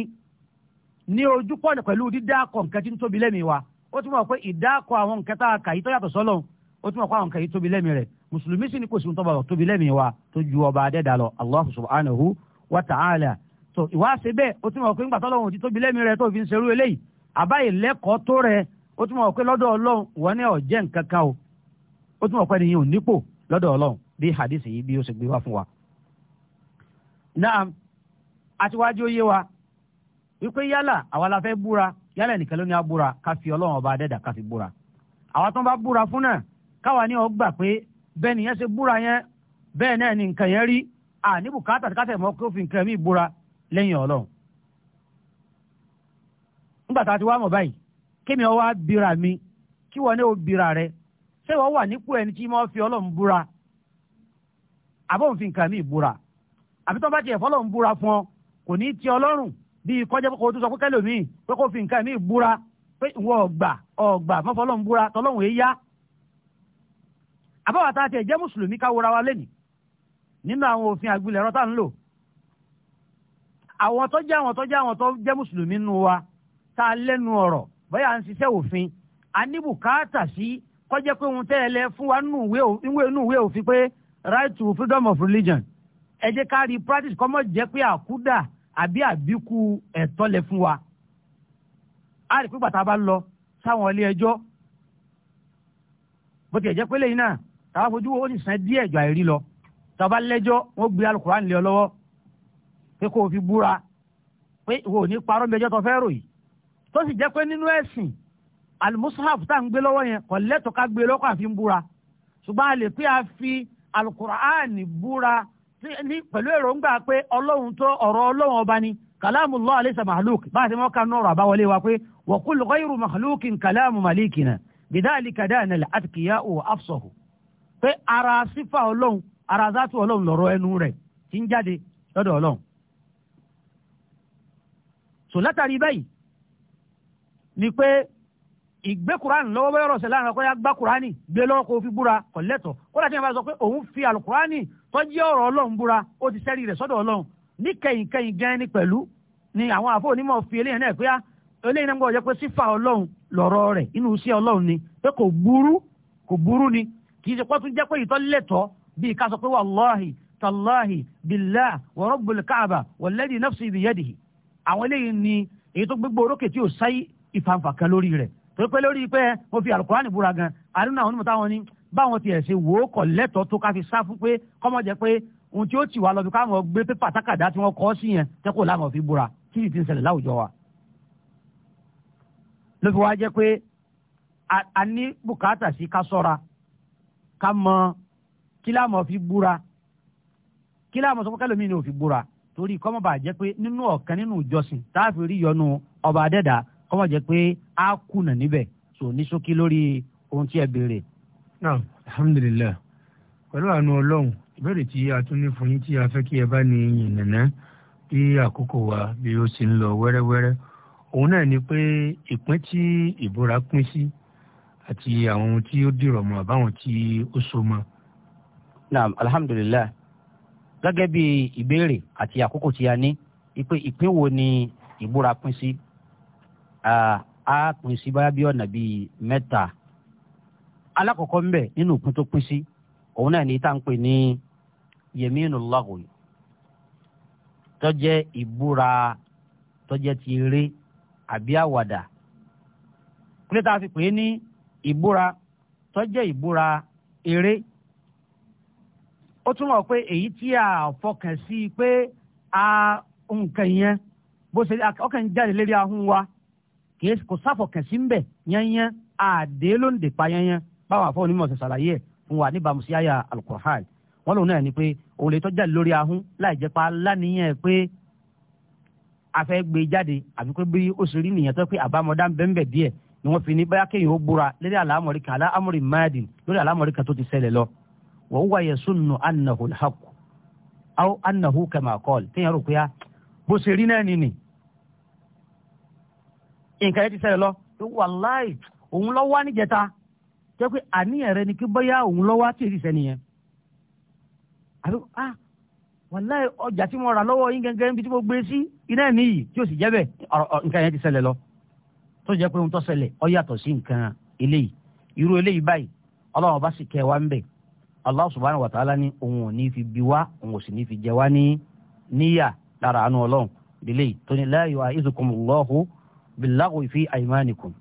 ní ojú pẹ̀lú dídá kọ̀ tí ń tóbi lẹ́mìí wa ó tún mọ̀ pé ìdákọ̀ àwọn nǹkan tá a kà yìí tó yàtọ̀ sọ́lọ́n ó tún mọ̀ pé àwọn nǹkan yìí tóbi lẹ́mìí rẹ̀ mùsùlùmí sì ni kò sí tóbi lẹ́mìí wa tó ju ọba adẹ́dà lọ allah subhanahu wa ta'ala ìwà ṣe bẹ́ẹ̀ ó pé ńgbà ti tóbi fi ń eléyìí tó rẹ̀ ó pé lọ́dọ̀ ọlọ́run o ó tún pé nìyẹn ò nípò lọ́dọ̀ ọlọ́run bí hadith yìí bí ó ṣe gbé yálẹ̀ nìkan ló ní abúra ká fi ọlọ́run ọba adẹ́dà ká fi búra àwọn tó ń bá búra fún náà káwa ní ọ gbà pé bẹ́ẹ̀ nìyẹn ṣe búra yẹn bẹ́ẹ̀ náà ni nǹkan yẹn rí àní bùkátà tí kásẹ̀ mọ́ kó fi nǹkan míì búra lẹ́yìn ọlọ́run nígbà tá a ti wá mọ̀ báyìí kémi ọ wá bira mi kí wọn náà ó bira rẹ ṣé wọn wà nípò ẹni tí mo fi ọlọ́run búra àbọ̀ òfin nǹkan míì búra àbí tó bá ti ọlọ́run bíi kọjá kó tó sọ pé kẹlòmíì pé kó fi nǹkan míì búra pé ìwọ ọgbà ọgbà mọ́fọ́lọ́n búra tọ́lọ́hùn èé yá àbáwá tá a tiẹ̀ jẹ́ mùsùlùmí ká wọra wa lẹ́nìí nínú àwọn òfin àgbélẹ̀rọ tá à ń lò àwọn tó jẹ́ àwọn tó jẹ́ àwọn tó jẹ́ mùsùlùmí nu wa tá a lẹ́nu ọ̀rọ̀ bóyá à ń ṣiṣẹ́ òfin a ní bùkátà sí kọjá pé òun tẹ́ ẹ lẹ fún wa nínú ìwé òfin pé right to freedom of religion ẹ jẹ́ ká rí practice kọ́mọ̀ jẹ́ pé àkúdà àbí àbíkú ẹ̀tọ́ lẹ fún wa a rí pé bàtà bá lọ sáwọn ilé ẹjọ́ bó ti ẹ̀jẹ̀ pé lẹ́yìn náà tàbá fojú ó ní sàn díẹ̀ jù àìrí lọ tàbá lẹ́jọ́ wọ́n gbé alukur'an lé ọ lọ́wọ́ pé kó o fi búra pé ìwọ ò ní parọ́ mi ẹjọ́ tó fẹ́ rò yìí tó sì jẹ́ pé nínú ẹ̀sìn alimusahaf tá à ń gbé lọ́wọ́ yẹn kò lẹ́tọ̀ọ́ ká gbé lọ́kọ̀ àfi ń búra ṣùgbọ́n a lè pé a fi alukur'an búra ní pẹ̀lú èròǹgbà pé ọlọ́run tó ọ̀rọ̀ ọlọ́run ọba ni kàlámù lọ́ọ́ àlẹ́sà màálùk bá a ti mọ́ kánú ọ̀rọ̀ àbáwọlé wa pé wọ́kùl ghayru màálùkìn kàlámù màlíkìnà bidhalika dáná lè àtìkìyà ò àfṣọ̀hù pé ara sífà ọlọ́run ara zátú ọlọ́run lọ́rọ̀ ẹnu rẹ̀ ti ń jáde lọ́dọ̀ ọlọ́run. sò látàrí báyìí ni pé ìgbé kuran lọ́wọ́ bẹ́ẹ̀ rọ̀ sẹ́lá àkọ́yà gbá kurani gbé lọ́wọ́ kó fi búra kò lẹ́tọ̀ ó dàtí yẹn bá sọ pé òun fi alukurani tọ́jú ọ̀rọ̀ ọlọ́run búra ó ti sẹ́rí rẹ̀ sọ́dọ̀ ọlọ́run ní kẹyìn kẹyìn gan ni pẹ̀lú ni àwọn àfọ onímọ̀ fi eléyìí náà pé ah, eléyìí náà ń gbọ́dọ̀ jẹ́ pé sífà ọlọ́run lọ̀rọ̀ rẹ̀ inú iṣẹ́ ọlọ́run ni pé kò burú kò burú kan lórí rẹ̀ tó pé lórí pé mo fi alukurani búra gan àdúrà àwọn onímọ̀tá wọn ni báwọn tiẹ̀ ṣe wò ó kọ̀ lẹ́tọ̀ọ́ tó ká fi sá fún pé kọ́mọ jẹ́ pé ohun tí ó tì wá lọ bí káwọn gbé pépà tákàdá tí wọ́n kọ́ sí yẹn tẹ́ kó láwọn fi búra tí ì ti ń ṣẹlẹ̀ láwùjọ wa. ló fi wá jẹ́ pé a ní bùkátà sí ká sọ́ra ká mọ kí láwọn fi búra kí láwọn sọ fún kẹlòmíì ni ò fi búra torí kọ́mọ jẹ́ pé nínú ọ̀kan nínú ìjọsìn táà kọ́ wá jẹ́ pé á kùnà níbẹ̀ tó ní ṣókí lórí ohun tí ẹ béèrè. náà alhamdulilayi pẹ̀lú àánú ọlọ́run ìbéèrè tí a tún ní fún yín tí a fẹ́ kí ẹ bá ní yìnyínná bí àkókò wa bí ó sì ń lọ wẹ́rẹ́wẹ́rẹ́ òun náà ni pé ìpín tí ìbúra pín sí àti àwọn ohun tí ó dìrọ̀ mọ́ àbáwọn tí ó so mọ́. naam alhamdulilayi gẹ́gẹ́ bí ìbéèrè àti àkókò tí a ní ìpín wo ni ìbúra pín sí a pín sí báyà bí ọ̀nà bíi mẹ́ta alákọ̀ọ́kọ́ ń nínú òpin tó pín sí òun náà ní tá ń pè ní yemínú lọ́gùn ìbúra ti eré àbí àwàdà kílé tá a fi pè é ní ìbúra tó ìbúra eré ó túmọ̀ èyí tí a fọkàn kì í kò sáfọ̀ kẹ̀sí ń bẹ̀ yányán àdé ló ń dèpa yányán báwọn àfọwọ́ onímọ̀ ṣe ṣàlàyé ẹ̀ fún wa níbàámu sí àyà alukur'an wọn lòun náà ni pé òun lè tọ́jà lórí ahun láì jẹ́ pa láníyàn pé a fẹ́ gbé e jáde àbí pé bí ó ṣe rí nìyẹn tó pé àbámọ́dá ń díẹ̀ ni wọ́n fi ní báyà kéèyàn ó búra lórí àlámọ̀rí kan àlámọ̀rí máàdìn lórí àlámọ̀rí kan tó ti ṣẹlẹ̀ lọ wọ́n wáyé sunnu annahu alhaq aw annahu kama téèyàn rò pé ah, bó ṣe rí náà nìyí nǹkan yẹn ti ṣẹlẹ̀ lọ wàláì òun lọ wá níjẹta jẹ́ pé àníyàn rẹ ni kí bóyá òun lọ wá tìrì sẹ́ni yẹn àbí ah wàláì ọjà tí mo rà lọ́wọ́ yín gẹ́gẹ́ níbi tí mo gbé sí iná nìyí tí ò sì yẹn ti lọ tó jẹ́ pé ohun tó sí bìláwò fi àìmánìkùn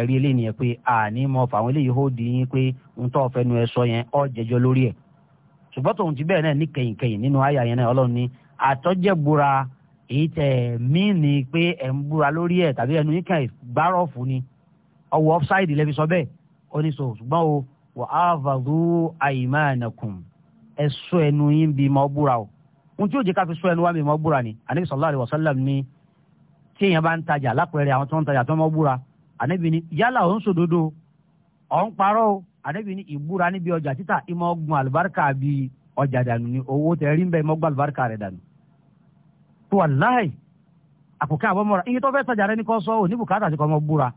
ẹ̀rí eléyìí nìyẹn pé àní mọ fàwọn eléyìí ó di yín pé ń tọ́ fẹnu ẹ sọ yẹn ọ jẹjọ lórí ẹ̀ ṣùgbọ́n tòun ti bẹ́ẹ̀ náà ní kẹ̀yìnkẹ̀yìn nínú àyà yẹn náà ọlọ́run ní àtọ́jẹ́bura èyí tẹ̀ mí ni pé ẹ̀ ń búra lórí ẹ̀ tàbí ẹnu yín kàn gbárọ̀fù ni ọwọ́ ọ́fsáìdì lẹ́bi sọ bẹ́ẹ̀ ó ní sọ ṣùgbọ́n o wà á fàdú àìmánàkùn ẹ sọ ẹnu yín bí mọ́ búra o ohun tí ó ni àníbi sallallahu ni téèyàn bá ń tajà lápẹẹrẹ àwọn tó ń tajà tó ń búra ànábì ní yálà ò ń sòdodo ò ń parọ́ o ànábì ní ìbúra níbi ọjà títà ìmọ̀ ọgbọ̀n àlùbáríkà bíi ọjà dànù ni owó tẹ̀ rí ń bẹ́ẹ̀ mọ́ gbọ́ àlùbáríkà rẹ̀ dànù. tó wà láì àkókò àbọ̀mọ́ra iye tó fẹ́ tajà rẹ ní kò sọ ò ní bùkátà sí kò mọ́ búra.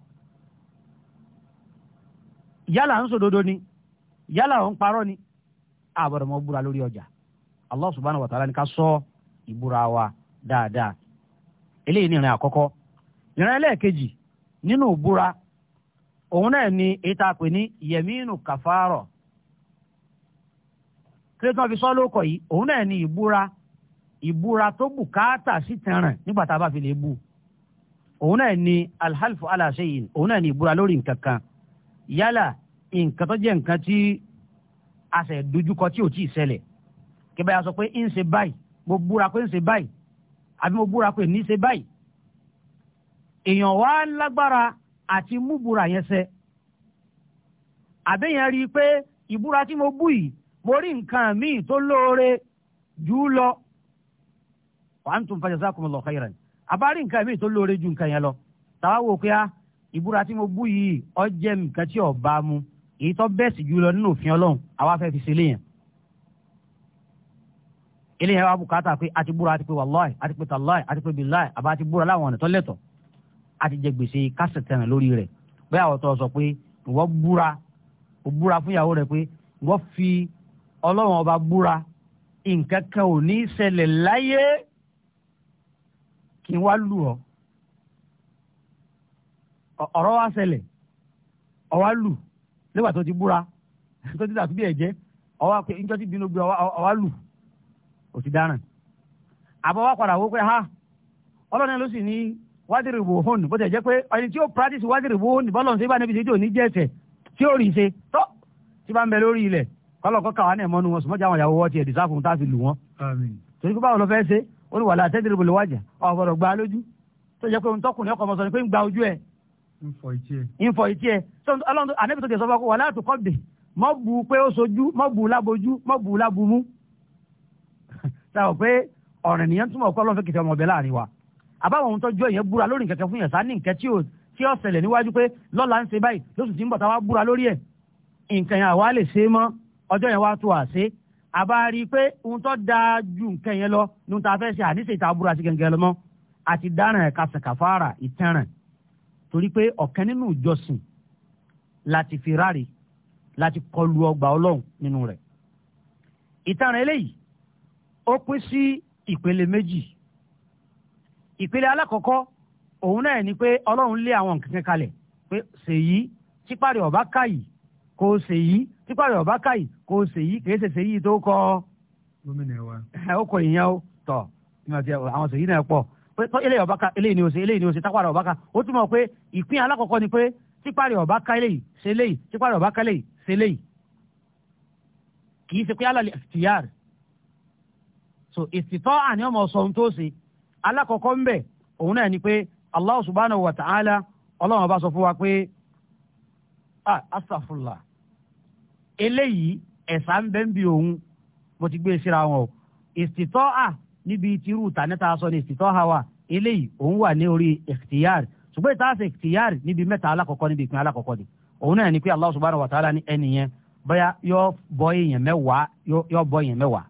yálà ń sòdodo ni yálà ò ń parọ́ ni àbọ̀dọ̀ mọ́ búra lórí ọjà Allah subhanahu wa ta'ala ní ká sọ ìbúra wa dáadáa eléyìí ni ìrìn àkọ́kọ́ ìrìn ẹlẹ́ẹ̀kejì nínú ìbúra òun náà ni ètò àpè ní yẹmínú kàfàárọ̀ kí tí wọ́n fi sọ lóko yìí òun náà ni ìbúra ìbúra tó bùkátà sí tẹ̀ràn nígbà tá a bá fi lè bú òun náà ni alhalfu ala òun náà ni ìbúra lórí nǹkan kan yálà nǹkan tó jẹ́ a dojúkọ tí ò kí sọ pé ń ṣe báyìí mo búra pé ń ṣe báyìí àbí mo búra pé níṣe báyìí èèyàn wá lágbára àti múbúra yẹn ṣẹ àbẹ́yẹn rí i pé ìbúra tí mo bú yìí mo rí nǹkan míì tó lóore jù ú lọ wa antum fajazakumullahu khairan àbá rí nǹkan míì tó lóore jù nǹkan yẹn lọ tàwa wò pé á ah, ìbúra tí mo bú yìí ó jẹ́ nǹkan tí ó bá mu èyí tó bẹ́ẹ̀ sì jù lọ nínú òfin ọlọ́run àwa fẹ́ fi ṣe léyìn eléyàwó abukata pé a ti búra a ti pé wàláì a ti pé tàláì a ti pé bíláì àbá a ti búra láwọn ọ̀nà tọ́lẹ̀tọ̀ a ti jẹ gbèsè kásẹ̀tẹ̀rìn lórí rẹ̀ bẹ́ẹ̀ àwọn tó sọ pé ìwọ búra ó búra fún ìyàwó rẹ̀ pé ìwọ fi ọlọ́run ọba búra nǹkan kan ò ní ṣẹlẹ̀ láyé kí n lù ọ́ ọ̀rọ̀ wá ṣẹlẹ̀ ó wá lù nígbà tó ti búra tó ti dàtú bí ẹ̀jẹ̀ ó wá pé níjọ́ ti dáràn àbọ̀wá padà wó pé ha ọlọ́run ló sì ní wádìrì wò hón bó tẹ̀ jẹ́ pé ẹni tí ó practice wádìrì wò hón bọ́lọ̀ ṣe bá níbi tí ò ní jẹ́ ẹ̀sẹ̀ tí ó rì ṣe tọ́ tí bá ń bẹ lórí ilẹ̀ kọ́lọ̀kọ́ kàwá náà mọ́nu wọn sùmọ́jà àwọn ìyàwó wọ́n ti ẹ̀dì sáfún tá a fi lù wọ́n. torí pé báwo ló fẹ́ ṣe ó ní wàhálà tẹ́tìrì bò lè wájà ọ̀gbọ̀dọ̀ gba lójú tó jẹ́ pé ohun tọkùnrin ọkọ̀ mọ̀sán ni pé ń gba ojú ẹ̀. ìfọ̀ ìtì ẹ̀ ọlọ́run àdébìtò kẹsàn-án fọ́ wàhálà àtúkọ́ bè mọ́ bu pé ó sojú mọ́ bu lábojú sáwọ pé ọ̀rìn nìyẹn túmọ̀ kọ́ lọ́fẹ́ kìtẹ́ ọmọbẹ láàrin wa àbáwọn ohun tọ́jú ẹ̀yẹn búra lórí nkẹ́kẹ́ fún yẹn sá ní nkẹ́ tí ó tí ó ṣẹlẹ̀ níwájú pé lọ́la ń ṣe báyìí lóṣù tí ń bọ̀ táwa búra lórí ẹ̀ nǹkan yẹn àwa lè ṣe é mọ́ ọjọ́ yẹn wá tó à ṣe àbá rí i pé ohun tó dáa ju nǹkan yẹn lọ ní ta fẹ́ ṣe àníṣe ìta búra sí gẹ́gẹ́ lọ́mọ́ àti dáràn ẹ̀ka sàkàfàrà ìtẹ̀ràn torí pé ọ̀kan nínú ìjọsìn láti fi ráre láti kọlu ọgbà ọlọ́run nínú rẹ̀ ìtẹ̀ràn eléyìí ó pín sí ìpele méjì ìpele alákọ̀ọ́kọ́ òun náà ni pé ọlọ́run lé àwọn nǹkan kalẹ̀ pé ṣèyí típàrẹ ọ̀bá káyì kò ṣèyí típàrẹ ọ̀bá káyì kò ṣèyí kì í ṣe ṣèyí tó kọ gómìnà wa ó kọ ìyẹn ó tọ àwọn ṣèyí náà pọ̀ pé eléyìí ọ̀bá ká eléyìí ni ó ṣe eléyìí ni ó ṣe tápàrẹ ọ̀bá ká ó túmọ̀ pé ìpín alákọ̀ọ́kọ́ ni pé típàrẹ ọ̀bá ká eléyìí ṣe eléyìí típàrẹ ọ̀bá ká eléyìí ṣe eléyìí kì í ṣe pé alàlẹ́ so ìsìtọ́ àní ọmọ sọ ohun tó ṣe alákọ̀ọ́kọ́ ń bẹ̀ òun náà ni pé allah subhanahu wa ta'ala ọlọ́run ọba sọ fún wa pé ah asàfùlà eléyìí ẹ̀sà ń bẹ́ ń bi òun mo ti gbé e síra wọn o ìsìtọ́ à níbi tìrú tàníta sọ ni ìsìtọ́ ha wà eléyìí òun wà ni allah subhanahu wa ta'ala ní bóyá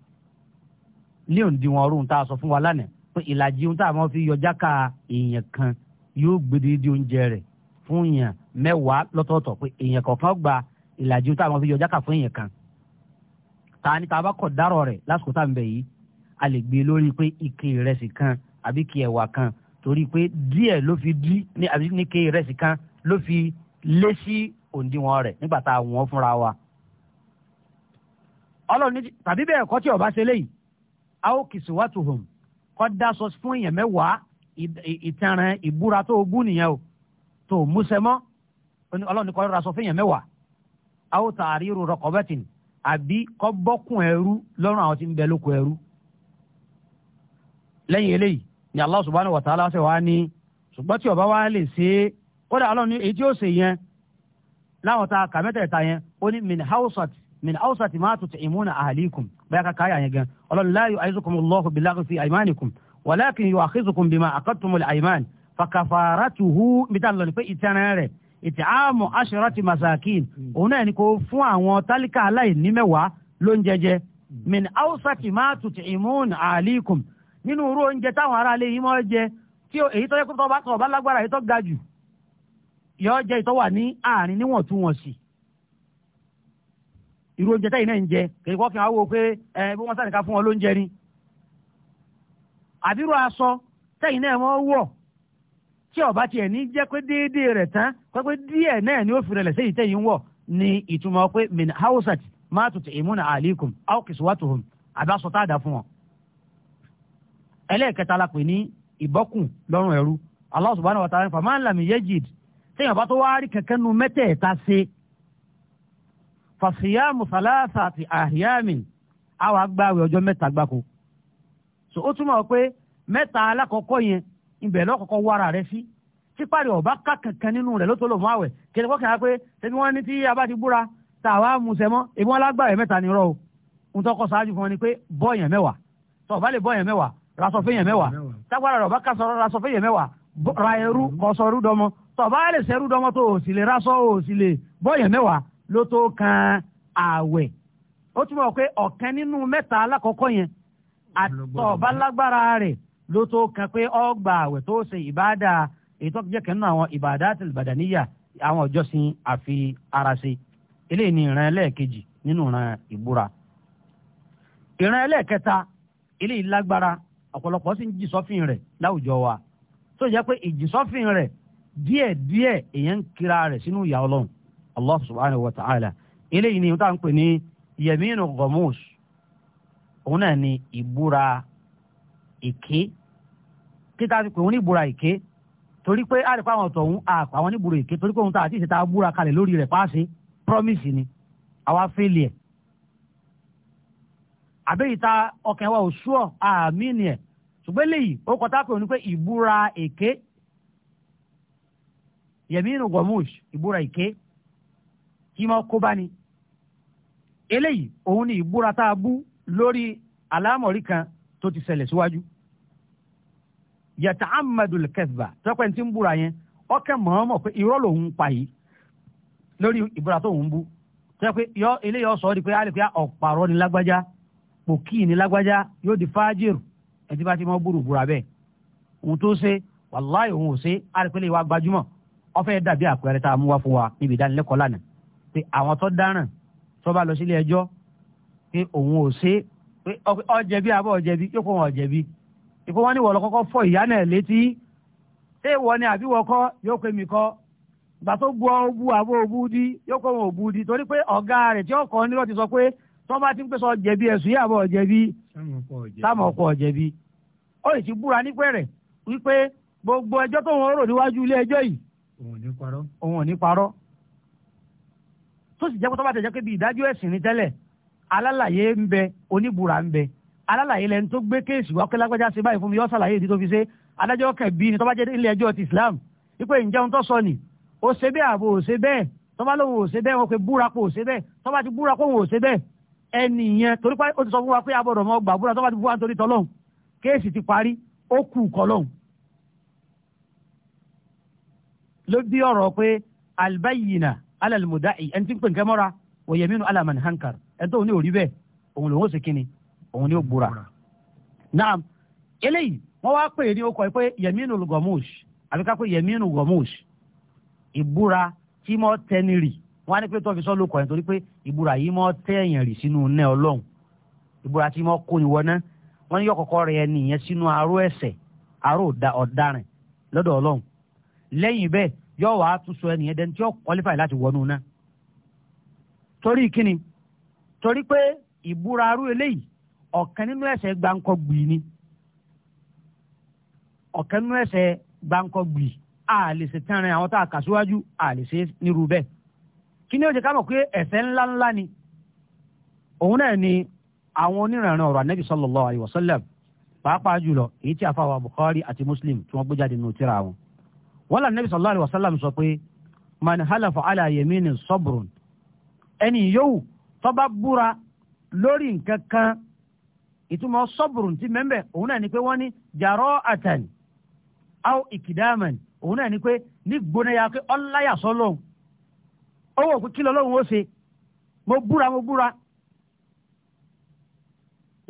leon di wọn ọrùn tá a sọ fún wa lánàá pé ìlàjì ohun tá a máa fi yọ jáka èèyàn kan yóò gbèdé di oúnjẹ rẹ̀ fún èèyàn mẹ́wàá lọ́tọ̀ọ̀tọ̀ pé èèyàn kọ̀ọ̀kan gba ìlàjì ohun tá a máa fi yọ jáka fún èèyàn kan ta ni ta bá kọ̀ dárọ̀ rẹ̀ lásìkò tá à ń bẹ̀ yìí a lè gbé e lórí pé ike ìrẹsì kan àbí ike ẹ̀wà kan torí pé díẹ̀ ló fi dí ní àbí ní ike ìrẹsì kan ló fi lé sí òǹdíwọ̀n rẹ̀ nígbà tá a wọ̀n fúnra wa. ọlọ́run tàbí bẹ́ẹ̀ kọ́ tí ọba ṣe léyìí aw kisiwatuhum kọ́ daṣọ fún èèyàn mẹ́wàá ìtanràn ìbúra tó o bú nìyẹn o tó o múṣẹ mọ́ ọlọ́run ní kọ́ daṣọ fún èèyàn mẹ́wàá aw tààríru rọkọ̀bẹ́tìn àbí kọ́ bọ́kùn ẹrú lọ́rùn àwọn tí ń bẹ lóko ẹrú. lẹ́yìn eléyìí ni Allah subhanahu wa ta'ala ṣe wá ní ṣùgbọ́n tí ọba wa lè ṣe é ó dà ọlọ́run èyí tí ó ṣe yẹn láwọn tá a yẹn ó ní min hausat min hausat máa tutù ìmúna ahalikum bẹ́ẹ̀ ká káyà yẹn gan ọlọ́run láàyò àìsùkùn lọ́hùn bí láàrín fi àìmánìkùn wàláàkì yóò àkísùkùn bí máa àkọ́tùmù àìmán fàkàfàrà tùhú níta lọ ní pé ìtẹ́rẹ́ rẹ̀ ìtìhámù aṣọ́rọ́tì masakin òun náà ni kò fún àwọn tálíkà aláìní mẹ́wàá ló ń jẹjẹ min haúsàtì máa tutù ìmún àlíkùn nínú irú oúnjẹ táwọn aráalé yìí máa jẹ tí èyí tó yẹ kó tọ́ bá lágbára èyí tó ga jù yọ jẹ ìtọ́wà ní àárín níwọ̀ntúnwọ̀nsì irú oúnjẹ táyì náà ń jẹ kìí kọ́ kí wọ́n wò pé ẹ bí wọ́n sànìkà fún wọn ni àbírò aṣọ táyì náà wọ́n wọ̀ tí ọba tiẹ̀ ní jẹ́ pé déédéé rẹ̀ tán pẹ́pẹ́ díẹ̀ náà ni ó fi rẹlẹ̀ sẹ́yìn tẹ́yìn wọ̀ ni ìtumọ̀ pé min hausat máa tutù ìmúna a dà fún ọ ẹlẹ́ẹ̀kẹta la pè ní ìbọ́kùn lọ́rùn ẹ̀rú lam ọba tó wá rí kẹ̀kẹ́ nu mẹ́tẹ̀ẹ̀ta fàṣíyàmù sàlàsà àti àhíyàmì àwọn agbáwẹ̀ ọjọ́ mẹ́ta gbáko so ó túmọ̀ pé mẹ́ta alákọ̀ọ́kọ́ yẹn ibẹ̀ lọ́kọ̀ọ́kọ́ wára rẹ sí sípàdé ọba ká kankan nínú rẹ̀ ló tó lò fún àwẹ̀ kẹlẹ́ kọ́kẹ́ á pé ṣebí wọ́n ní tí a bá ti búra tá a wá musẹ̀ mọ́ èmi wọ́n lágbàwẹ̀ mẹ́ta ni rọ́ o ń tọ́kọ ṣáájú fún wọn ni pé bọ́ọ̀yàn mẹ́wàá tọ́ ọba lè bọ́ọ̀yàn mẹ́wàá rasọ̀fẹ́yàn mẹ́wàá tágbára rẹ̀ ọba ká sọ̀rọ̀ rasọ̀fẹ́yàn mẹ́wàá ra ẹrú kọ́ dọmọ tọ́ ọba lè sẹ́rú dọmọ tó o sì lè rasọ́ o sì lè bọ́ọ̀yàn mẹ́wàá ló tó kan ààwẹ̀ ó túmọ̀ pé ọ̀kan nínú mẹ́ta alákọ̀ọ́kọ́ yẹn àtọ̀ọ̀bá lágbára rẹ̀ ló tó kan pé ó gba ààwẹ̀ tó ṣe ìbáàdà ètò ìjẹ́ kẹ́nu àwọn ìbàdàtul badaniyya àwọn ìjọsìn àfi ara ṣe eléyìí ni ìran ẹlẹ́ẹ̀kejì nínú ìran ìbúra ìran ẹlẹ́ẹ̀kẹta eléyìí lágbára ọ̀pọ̀lọpọ̀ sì ń jìsọ́fìn rẹ̀ láwùjọ wa tó jẹ́ pé ìjìsọ́fìn rẹ̀ díẹ̀díẹ̀ èèyàn ń kira rẹ̀ sínú ìyà ọlọ́run allah subhanahu wa ta'ala eléyìí ni wọ́n pè ní yaminu gomus òun náà ni ìbúra èké kíta ti pè wọ́n ní ìbúra èké torí pé àrèpá àwọn ọ̀tọ̀hún àpá àwọn oníbúra èké torí pé òun tá àti ìṣẹ̀ta búra kalẹ̀ lórí rẹ̀ páàsì promise ni àwa fẹ́lì ẹ̀ àbẹ́yìí ta wa ò ṣúọ̀ àmì ni ẹ̀ ṣùgbọ́n léyìí ó kọ́ tápẹ́ òní pé ìbúra èké yẹ̀mí inú ìbúra èké kí máa kó bá ni eléyìí òun ni ìbúra tá a bú lórí alámọ̀rí kan tó ti ṣẹlẹ̀ síwájú yàtà amadul kẹsìbà tọ́pẹ́ tí ń búra yẹn ọkẹ́ mọ̀ọ́mọ̀ pé irọ́ lòun pa yìí lórí ìbúra tó ń bú tọ́pẹ́ yọ eléyìí ọ̀sọ́ di pé alẹ́ ọ̀pàrọ̀ ni lágbájá pòkì ni lágbájá yóò di fájìrù ẹtí bá ti mọ búrú búra bẹ́ẹ̀ òun tó ṣe wàláì òun ò ṣe àrèpẹ́lẹ́ ìwà gbajúmọ̀ ó fẹ́ dàbí àpẹẹrẹ tá a mú wá fún wa níbi ìdánilẹ́kọ̀ọ́ lánàá pé àwọn tó dáràn tó bá lọ sílé ẹjọ́ pé òun ò ṣe pé ọ̀jẹ̀bi àbọ̀ ọ̀jẹ̀bi yóò kó wọn ọ̀jẹ̀bi ìkó wọn ní wọ́n lọ kọ́kọ́ fọ ìyá náà létí ṣé ìwọ ni àbí wọ́n kọ́ yóò pé mi kọ́ gbà tó bu ọbu àbọ̀ òbu di yóò kó wọn òbu di torí pé ọ̀gá rẹ̀ tí ọkọ̀ nílò ti sọ pé tó bá ti ń pèsè ọ̀jẹ̀bi ẹ̀sùn yìí àbọ̀ ọ̀jẹ̀bi sáàmù ọkọ̀ ọ̀jẹ̀bi ó lè ti búra nípẹ̀rẹ̀ wípé gbogbo ẹjọ́ tó wọn rò níwájú ilé ẹjọ́ yìí òun ò ní parọ́ tó sì jẹ́ pé tó bá tẹ̀ jẹ́ pé bí ìdájọ́ ẹ̀sìn ni tẹ́lẹ̀ alálàyé ń bẹ oníbùrà ń bẹ alálàyé lẹni tó gbé kéèsì wá pé lágbájá ṣe báyìí fún mi yọ sàlàyé ìdí tó fi ṣe adájọ́ kẹ̀bí ni tó bá jẹ́ ilé ẹjọ́ ti Islam wípé ìjẹun tó sọ ni ó ṣe bẹ́ẹ̀ àbò ò ṣe bẹ́ẹ̀ tó bá lóun ò ṣe bẹ́ẹ̀ wọn pé búra kó ò ṣe bẹ́ẹ̀ tó bá ti búra kó òun ò ṣe bẹ́ẹ̀ ẹnì yẹn torí pé ó ti sọ fún wa pé abọ̀dọ̀ mọ́ gbà búra tó bá ti búra nítorí tọ́lọ́hún kéèsì ti parí ó kù kọ́lọ́hún ló bí ọ̀rọ̀ pé albayina alal mudai ẹni tí ń pè nǹkan mọ́ra wa yaminu ala man hankar ẹni tó ní òrí bẹ́ẹ̀ òun lòun ó sì kíni òun ní ó búra. naam eléyìí wọ́n wá pè ní okọ̀ pé yaminu gomush àbí ká pé yaminu gomush ìbúra tí mọ́ tẹ́ni rì wọ́n á ní pé tó fi sọ́ lóko ẹ̀ nítorí pé ìbúra yìí mọ́ tẹ́yìn rì sínú náà ọlọ́run ìbúra tí mọ́ kó ni wọ́n wọ́n ní yọkọ̀kọ́ rẹ̀ ẹni ìyẹn sínú aró ẹ̀sẹ̀ aró ọ̀daràn lọ́dọ̀ ọlọ́run lẹ́yìn bẹ́ẹ̀ yóò wá tún sọ ẹnìyẹn dẹni tí ó qualify láti wọnú náà torí kíni torí pé ìbúra arú eléyìí ọ̀kan nínú ẹ̀ṣẹ̀ gbáǹkọ gbì ni ọ̀kan nínú ẹ̀ṣẹ̀ gbáǹkọ gbì a lè ṣe tán àwọn tá a kà síwájú a lè ṣe nírú bẹ́ẹ̀ kí ni ó ṣe ká mọ̀ pé ẹ̀ṣẹ̀ ńláńlá ni òun náà ni àwọn onírànràn ọ̀rọ̀ anábì sallallahu alaihi wasallam pàápàá jùlọ èyí tí àfàwà bukari àti Muslim tí wọ́n gbé jáde nù tíra wọn wọ́n là nẹ́bí sallallahu alaihi wasallam sọ pé man halafa ala yamini sabrun ẹni yòówù tó bá búra lórí nǹkan kan ìtumọ̀ sabrun ti mẹ́mbẹ̀ òun náà ni pé wọ́n ní jara'atan aw ikidaman òun náà ni pé ní gbóná ya pé ọláyà sọlọ́hún ó wò pé kí lọ́lọ́hún ó ṣe mo búra mo búra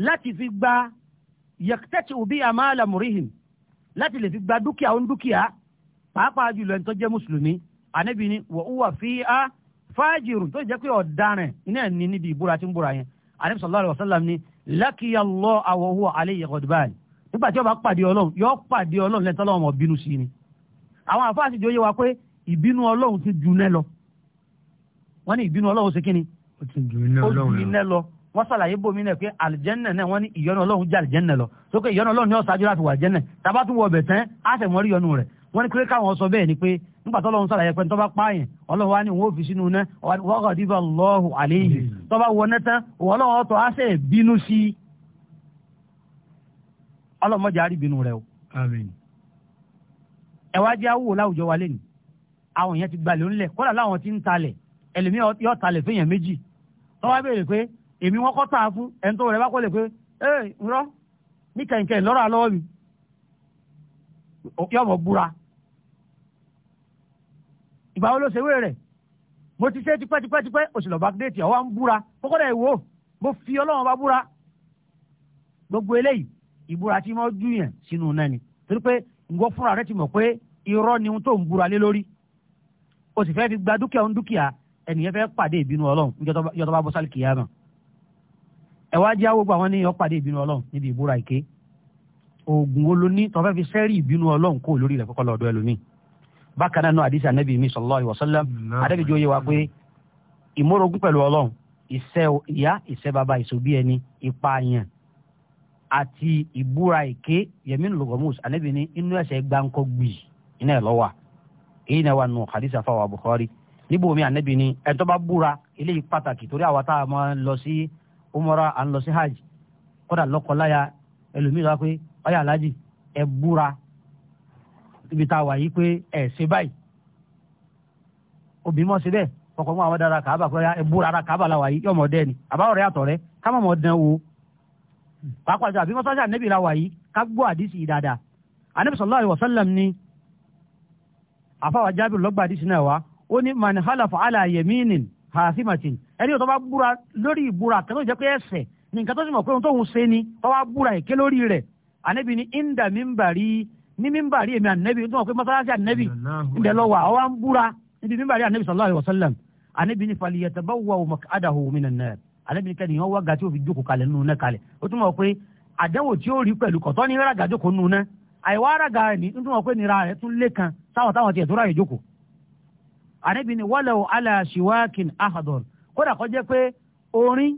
láti fi gba yẹ̀kẹ́tì òbí àmàlà mùrìhìn láti lè fi gba dúkìá ó ń dúkìá pàápàá jùlọ ẹni tó jẹ́ mùsùlùmí ànábì ni wọ́n wà fi á fájìrù tó jẹ́ pé ọ̀daràn iná ẹ̀ ní níbi ìbúra tí ń búra yẹn ànábì sallallahu alaihi wasallam ni lákìyà lọ àwọ̀ owó alẹ́ yẹ kọ̀dùbáàlì nígbà tí ó bá pàdé ọlọ́run yọ pàdé ọlọ́run lẹ́tọ́ lọ́wọ́ bínú sí ni àwọn àfáà sì jẹ́ yé wa pé ìbínú ọlọ́run ti ju nẹ́ lọ wọ́n ní ìbínú ọlọ́run ṣe kí ni ó ti ju nẹ́ lọ wọ́n ṣàlàyé bòmí náà pé àlìjẹ́nà náà wọ́n ní ìyọ́nà ọlọ́run jẹ́ àlìjẹ́nà lọ sókè ìyọ́nà ọlọ́run ní ọ̀ṣájú láti wà àlìjẹ́nà tá tún wọ ọbẹ̀ tán á sẹ̀ mọ́rí yọnu rẹ̀ wọ́n ní pé káwọn sọ bẹ́ẹ̀ ni pé nígbà tó lọ́hún sàlàyé pé tó bá pààyàn ọlọ́run ní fi sínú wọ́n kàn dídọ̀ lọ́hùn àléyìn tó bá wọ nẹ́tán òun ọlọ́run á sẹ̀ bínú sí i ọlọ́mọdé á rí bínú rẹ o. ẹ wá jẹ́ láwùjọ wa lẹ́nu àwọn ti gbalẹ̀ ńlẹ̀ kọ́lá láwọn ti ń talẹ̀ ẹlẹ́mi yọ talẹ̀ méjì ìgbà wo ló ṣe wéèrè mo ti ṣe tipẹ́tipẹ́tipẹ́ o sì lọ bá déètì ọwọ́ ń búra kókó dẹ̀ wò mo fi ọlọ́run bá búra gbogbo eléyìí ìbúra tí mo jú yẹn sínú náà ni torí pé ngọ fúnra rẹ ti mọ̀ pé irọ́ ni tó ń búra lé lórí o sì fẹ́ fi gba dúkìá ń dúkìá ẹnìyẹn fẹ́ pàdé ìbínú ọlọ́run níjọ́ tó bá bọ́ sálì kìyàmà ẹ wá jẹ́ àwọn àwọn ènìyàn pàdé ìbínú ọlọ́run níbi ìbúra ìké oògùn olóní tó fẹ́ fi sẹ́rí ìbínú ọlọ́run kó lórí rẹ̀ kọ́kọ́ lọ́dọ̀ ẹlòmíì bákan náà àdìsí anabi mi sallallahu alaihi wasallam adébí jòyè wa pé ìmórogún pẹ̀lú ọlọ́run ìṣẹ́ ìyá ìṣẹ́ bàbá ìṣòbí ẹni ìpààyàn àti ìbúra èké yẹmínú lọgọmùs anabi ní inú ẹsẹ̀ gbáǹkọ gbì iná ẹ̀ lọ́wà èyí náà wà nù hadith afáwà Bukhari níbo mi anabi ní ẹ̀tọ́ bá búra eléyìí pàtàkì torí àwa tá a máa lọ sí umara à ń lọ sí hajj kódà lọ́kọláya ẹlòmíràn wá pé ọyà ibi tá a wà yìí pé ẹ̀ ṣe báyìí òbí mọ̀ síbẹ̀ ọkọ̀ mú àwọn dára kàábà pé ẹ búra ara kàábà la wà yìí yọ̀mọ̀ dẹ́ ni àbáwọ̀ rẹ̀ àtọ̀ rẹ̀ ká mọ̀ dán wo pàápàá jọ àbí mọ́sájà níbi la wà yìí ká gbọ́ àdísì yìí dáadáa anabi sallallahu alaihi wasallam ni àfàwà jábìrì lọ́gbà àdísì náà wá ó ní man halafa ala yaminin hasimatin ẹni tó bá búra lórí ìbúra kan tó jẹ́ pé ẹ̀ṣẹ̀ ní nǹkan tó sì mọ̀ pé òun tóun ṣe ni tó bá búra èké lórí rẹ̀ anabi ni inda mimbari ní mímbàrí èmi ànẹ́bí tó wọ́n pé mọ́sálásí ànẹ́bí ibẹ̀ lọ wà ọ́ wá ń búra níbi mímbàrí ànẹ́bí sallallahu alaihi wasallam ànẹ́bí ní falyatabawwa'u maq'adahu minan nar ànẹ́bí ní kẹ́ni wọ́n wá ga tí ó fi jókòó kalẹ̀ nínú náà kalẹ̀ ó túmọ̀ pé àdánwò tí ó rí pẹ̀lú kọ̀tọ́ ní rárá gàjókòó nínú náà àìwá rárá ga ni ó túmọ̀ pé nira rẹ̀ tún lé kan táwọn táwọn tiẹ̀ ala shiwakin ahador kódà kó jẹ́ pé orin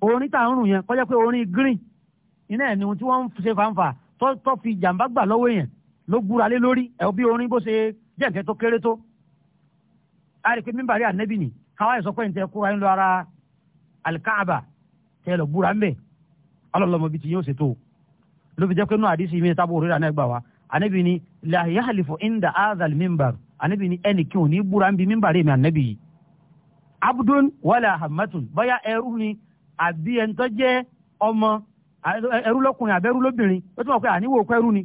orin tá à ń green iná ni ohun tí wọ́n ń tó fi jàǹbá gbà lọ́wọ́ èèyàn ló gbúra lé lórí ẹ̀ bí orin bó ṣe jẹ́ nǹkan tó kéré tó a rí pé mímbàrí ànẹ́bì ni káwá ẹ̀ sọ pé ǹtẹ̀ kúra ń lọ ara alikaaba tẹ́ lọ gbúra ńbẹ̀ ọlọ́lọ́mọbi ti yóò ṣètò ló fi jẹ́ pé náà àdìsí mi tábù òrìrà náà gbà wá ànẹ́bì ni làyà àlìfọ̀ ìndà azal mímbàr ànẹ́bì ni ẹnì kí òní gbúra ń bi mímbàrí mi ànẹ́bì yìí abdun wàlà hamatun bọ́yá ẹrú ni àbí ẹ̀ńtọ́ ẹrú lọ́kùnrin àbẹ́rú lóbìnrin ó tún mọ̀ pé àníwò pẹ́rú ni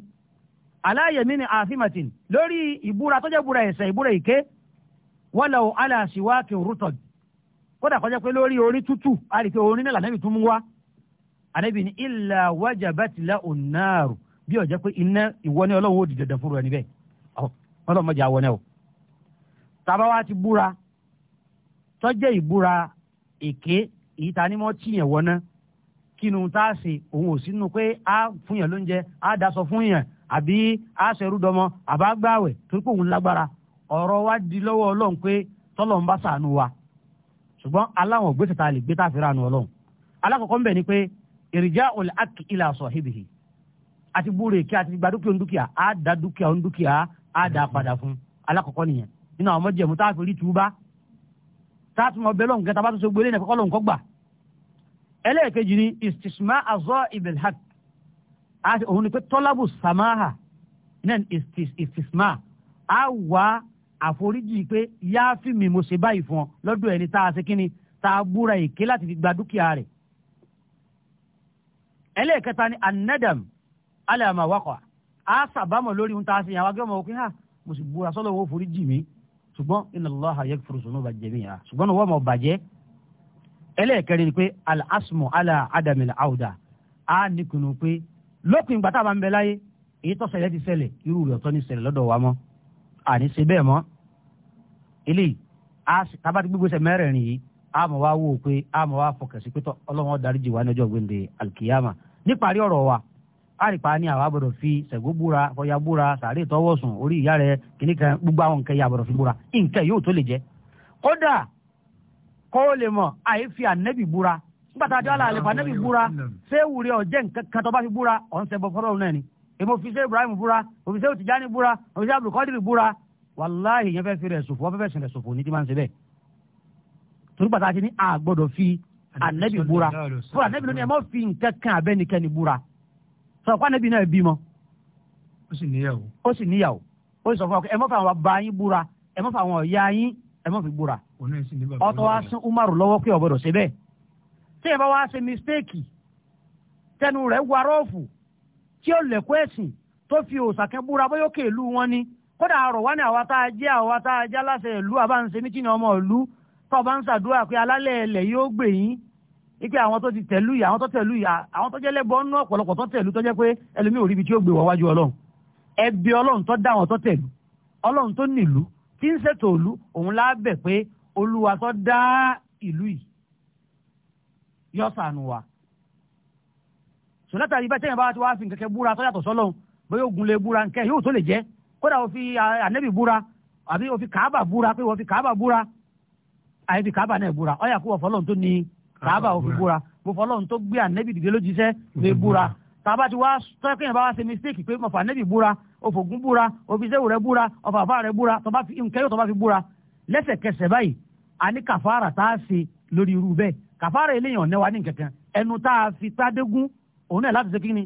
aláyẹ̀mí ni àfimàtìn lórí ìbúra tó jẹ́ ìbúra ẹ̀sẹ̀ ìbúra ìké walau ala siwakin rutad kódà kọjá pé lórí orí tútù àríkè orin náà lànàbì tún mú wá ànàbì ní illa wajabat lahu nnaru bí ọ̀jẹ́ pé iná ìwọ ní ọlọ́run ó di dandan fúnra ẹni bẹ́ẹ̀ ọlọ́run mọ̀jà wọnẹ́ o tàbá wa ti búra tọ́jẹ́ ìbúra èké ìyíta kínú tá a ṣe òun ò sínú pé a fún yàn lóúnjẹ a daṣọ fún yàn àbí a ṣerú dọmọ àbá gbààwẹ̀ torí pé òun lágbára ọ̀rọ̀ wa di lọ́wọ́ ọlọ́run pé tọ́lọ̀ ń bá sàánú wa ṣùgbọ́n aláwọn gbèsè tá a lè gbé tá a fi ra nu ń bẹ̀ ni pé èrìjà òlè ak ilà sahibihi àti búre kí àti gba dúkìá ondúkìá a da dúkìá ondúkìá a da padà fún alákọ̀ọ́kọ́ nìyẹn nínú àwọn ọmọ jẹ̀mú tá a fi rí tuuba tá a tún ọbẹ̀ lọ́nkẹ́ ẹlẹ́ẹ̀kejì ni istisma azọ ibelhak òun ni pé tọ́lábù samaha náà istisma a wà àforíjì pé yááfì mi mo ṣe báyìí fún ọ lọ́dọ̀ ẹni tá a ṣe kínni tá a búra èké láti fi gba dúkìá rẹ̀ ẹlẹ́ẹ̀kẹta ni anadam alama wakọ̀ a sàbámọ̀ lórí ohun tá a ṣe yàn wá gẹ́gẹ́ ọmọ òkè mo sì búra sọ́lọ́wọ́ foríjì mi ṣùgbọ́n inna Allaha yaghfiru dhunuba jami'a ṣùgbọ́n wọ́n mọ̀ bàjẹ́ ẹlẹ́ẹ̀kẹrin ni pé al-asmu ala adamil awda a nìkùnú pé lópin ìgbà táwa ń bẹ láyé èyí tó ṣẹlẹ̀ ti ṣẹlẹ̀ irú rẹ̀ ọ̀tọ̀ ní ṣẹlẹ̀ lọ́dọ̀ wa mọ́ àní ṣe bẹ́ẹ̀ mọ́ eléyìí tábàtí gbogbo ṣe mẹ́rẹ̀ẹ̀rin yìí a mọ̀ wá wò ó pé a mọ̀ wá fọkàn sí pé ọlọ́wọ́n dáríjì wá níjọ́ gbèǹde alkiyama níparí ọ̀rọ̀ wa a rìpa ni àwa gbọ́dọ̀ fi ṣẹ̀gbó búra fọyà búra sàárè tọwọ́ sùn orí ìyá rẹ kìnnìkan gbogbo àwọn nǹkan yà gbọ́dọ̀ fi búra nǹkan yóò tó lè jẹ́ kódà kó o lè mọ̀ àyè fi ànẹ́bì búra nígbà tá a jọ àlà àlè fànẹ́bì búra ṣé wùrẹ ọjẹ nǹkan kan tó bá fi búra ọ̀n ṣẹbọ fọlọ́run náà ni èmo fi ṣe Ibrahim búra òfi ṣe Tijani búra òfi ṣe Abdulkadir búra wàláhì yẹn fẹ́ fi rẹ̀ ṣòfò wọ́n fẹ́ sìn rẹ̀ ṣòfò ní ti máa ń ṣe bẹ́ẹ̀ torí pàtàkì ní a gbọ́dọ̀ fi ànẹ́bì búra fúra ẹ mọ́ fà àwọn bàbá yín ẹ má fi búra ọ̀tọ̀ wa sún umaru lọ́wọ́ pé ọ̀bọ̀dọ̀ ṣe bẹ́ẹ̀ tí ẹ bá wá ṣe mistake tẹnu rẹ̀ wà rọ́ọ̀fù tí ó lẹ̀kọ́ ẹ̀sìn tó fi òsàkẹ́ búra bóyá òkè ìlú wọn ni kódà àrò wá ní àwa tá a jẹ́ a jẹ́ aláṣẹ ìlú àbáǹṣe mítìnì ọmọ ìlú tó bá ń ṣàdúrà pé alálẹ̀ ilẹ̀ yóò gbè yín ike àwọn tó ti tẹ̀lú yà àwọn tó tẹ̀lú yà àwọn tó jẹ́ lẹ́bọ̀ ọ́nú ọ̀pọ̀lọpọ̀ tó tẹ̀lú tó jẹ́ pé ẹlòmíì ò ríbi tí ó gbé wọ́n wájú ọlọ́run ẹbí ọlọ́run tó dá àwọn tó tẹ̀lú ọlọ́run tó nílùú tí ń ṣètò òlu òun lábẹ̀ pé olúwa tó dá ìlú yìí yọ sànù wa sọlá tàbí bá tẹ̀yìn bá ti wá fi kẹ̀kẹ́ búra tó yàtọ̀ sọ́lọ́hún bóyá ogun lè búra nkẹ́ yóò tó lè jẹ́ kódà ó fi ànẹ́bì búra àbí ó fi kàábà búra pé wọ́n fi kàábà búra àyè fi kàábà náà búra ọ̀yà kó wọ́n fọlọ́hún tó ní kàábà ó fi búra mo fọlọ́hún tó gbé ànẹ́bì dìde lójíṣẹ́ lè búra tàbá ti wá tọ́kẹ́ yẹn bá wá ṣe mistake pé ọ̀fà nẹ́bì búra ọ̀fọ̀gún búra ọ̀fìṣẹ́wò rẹ búra ọ̀fà àfà rẹ búra tọ́ba fi nkẹ́yọ̀ tọ́ba fi búra lẹ́sẹ̀kẹsẹ̀ báyìí a ní kàfàrà tá a ṣe lórí irú bẹ́ẹ̀ kàfàrà eléyàn ọ̀nẹ́ wa ní kankan ẹnu tá a fi tádégún òun náà láti ṣe kí ni.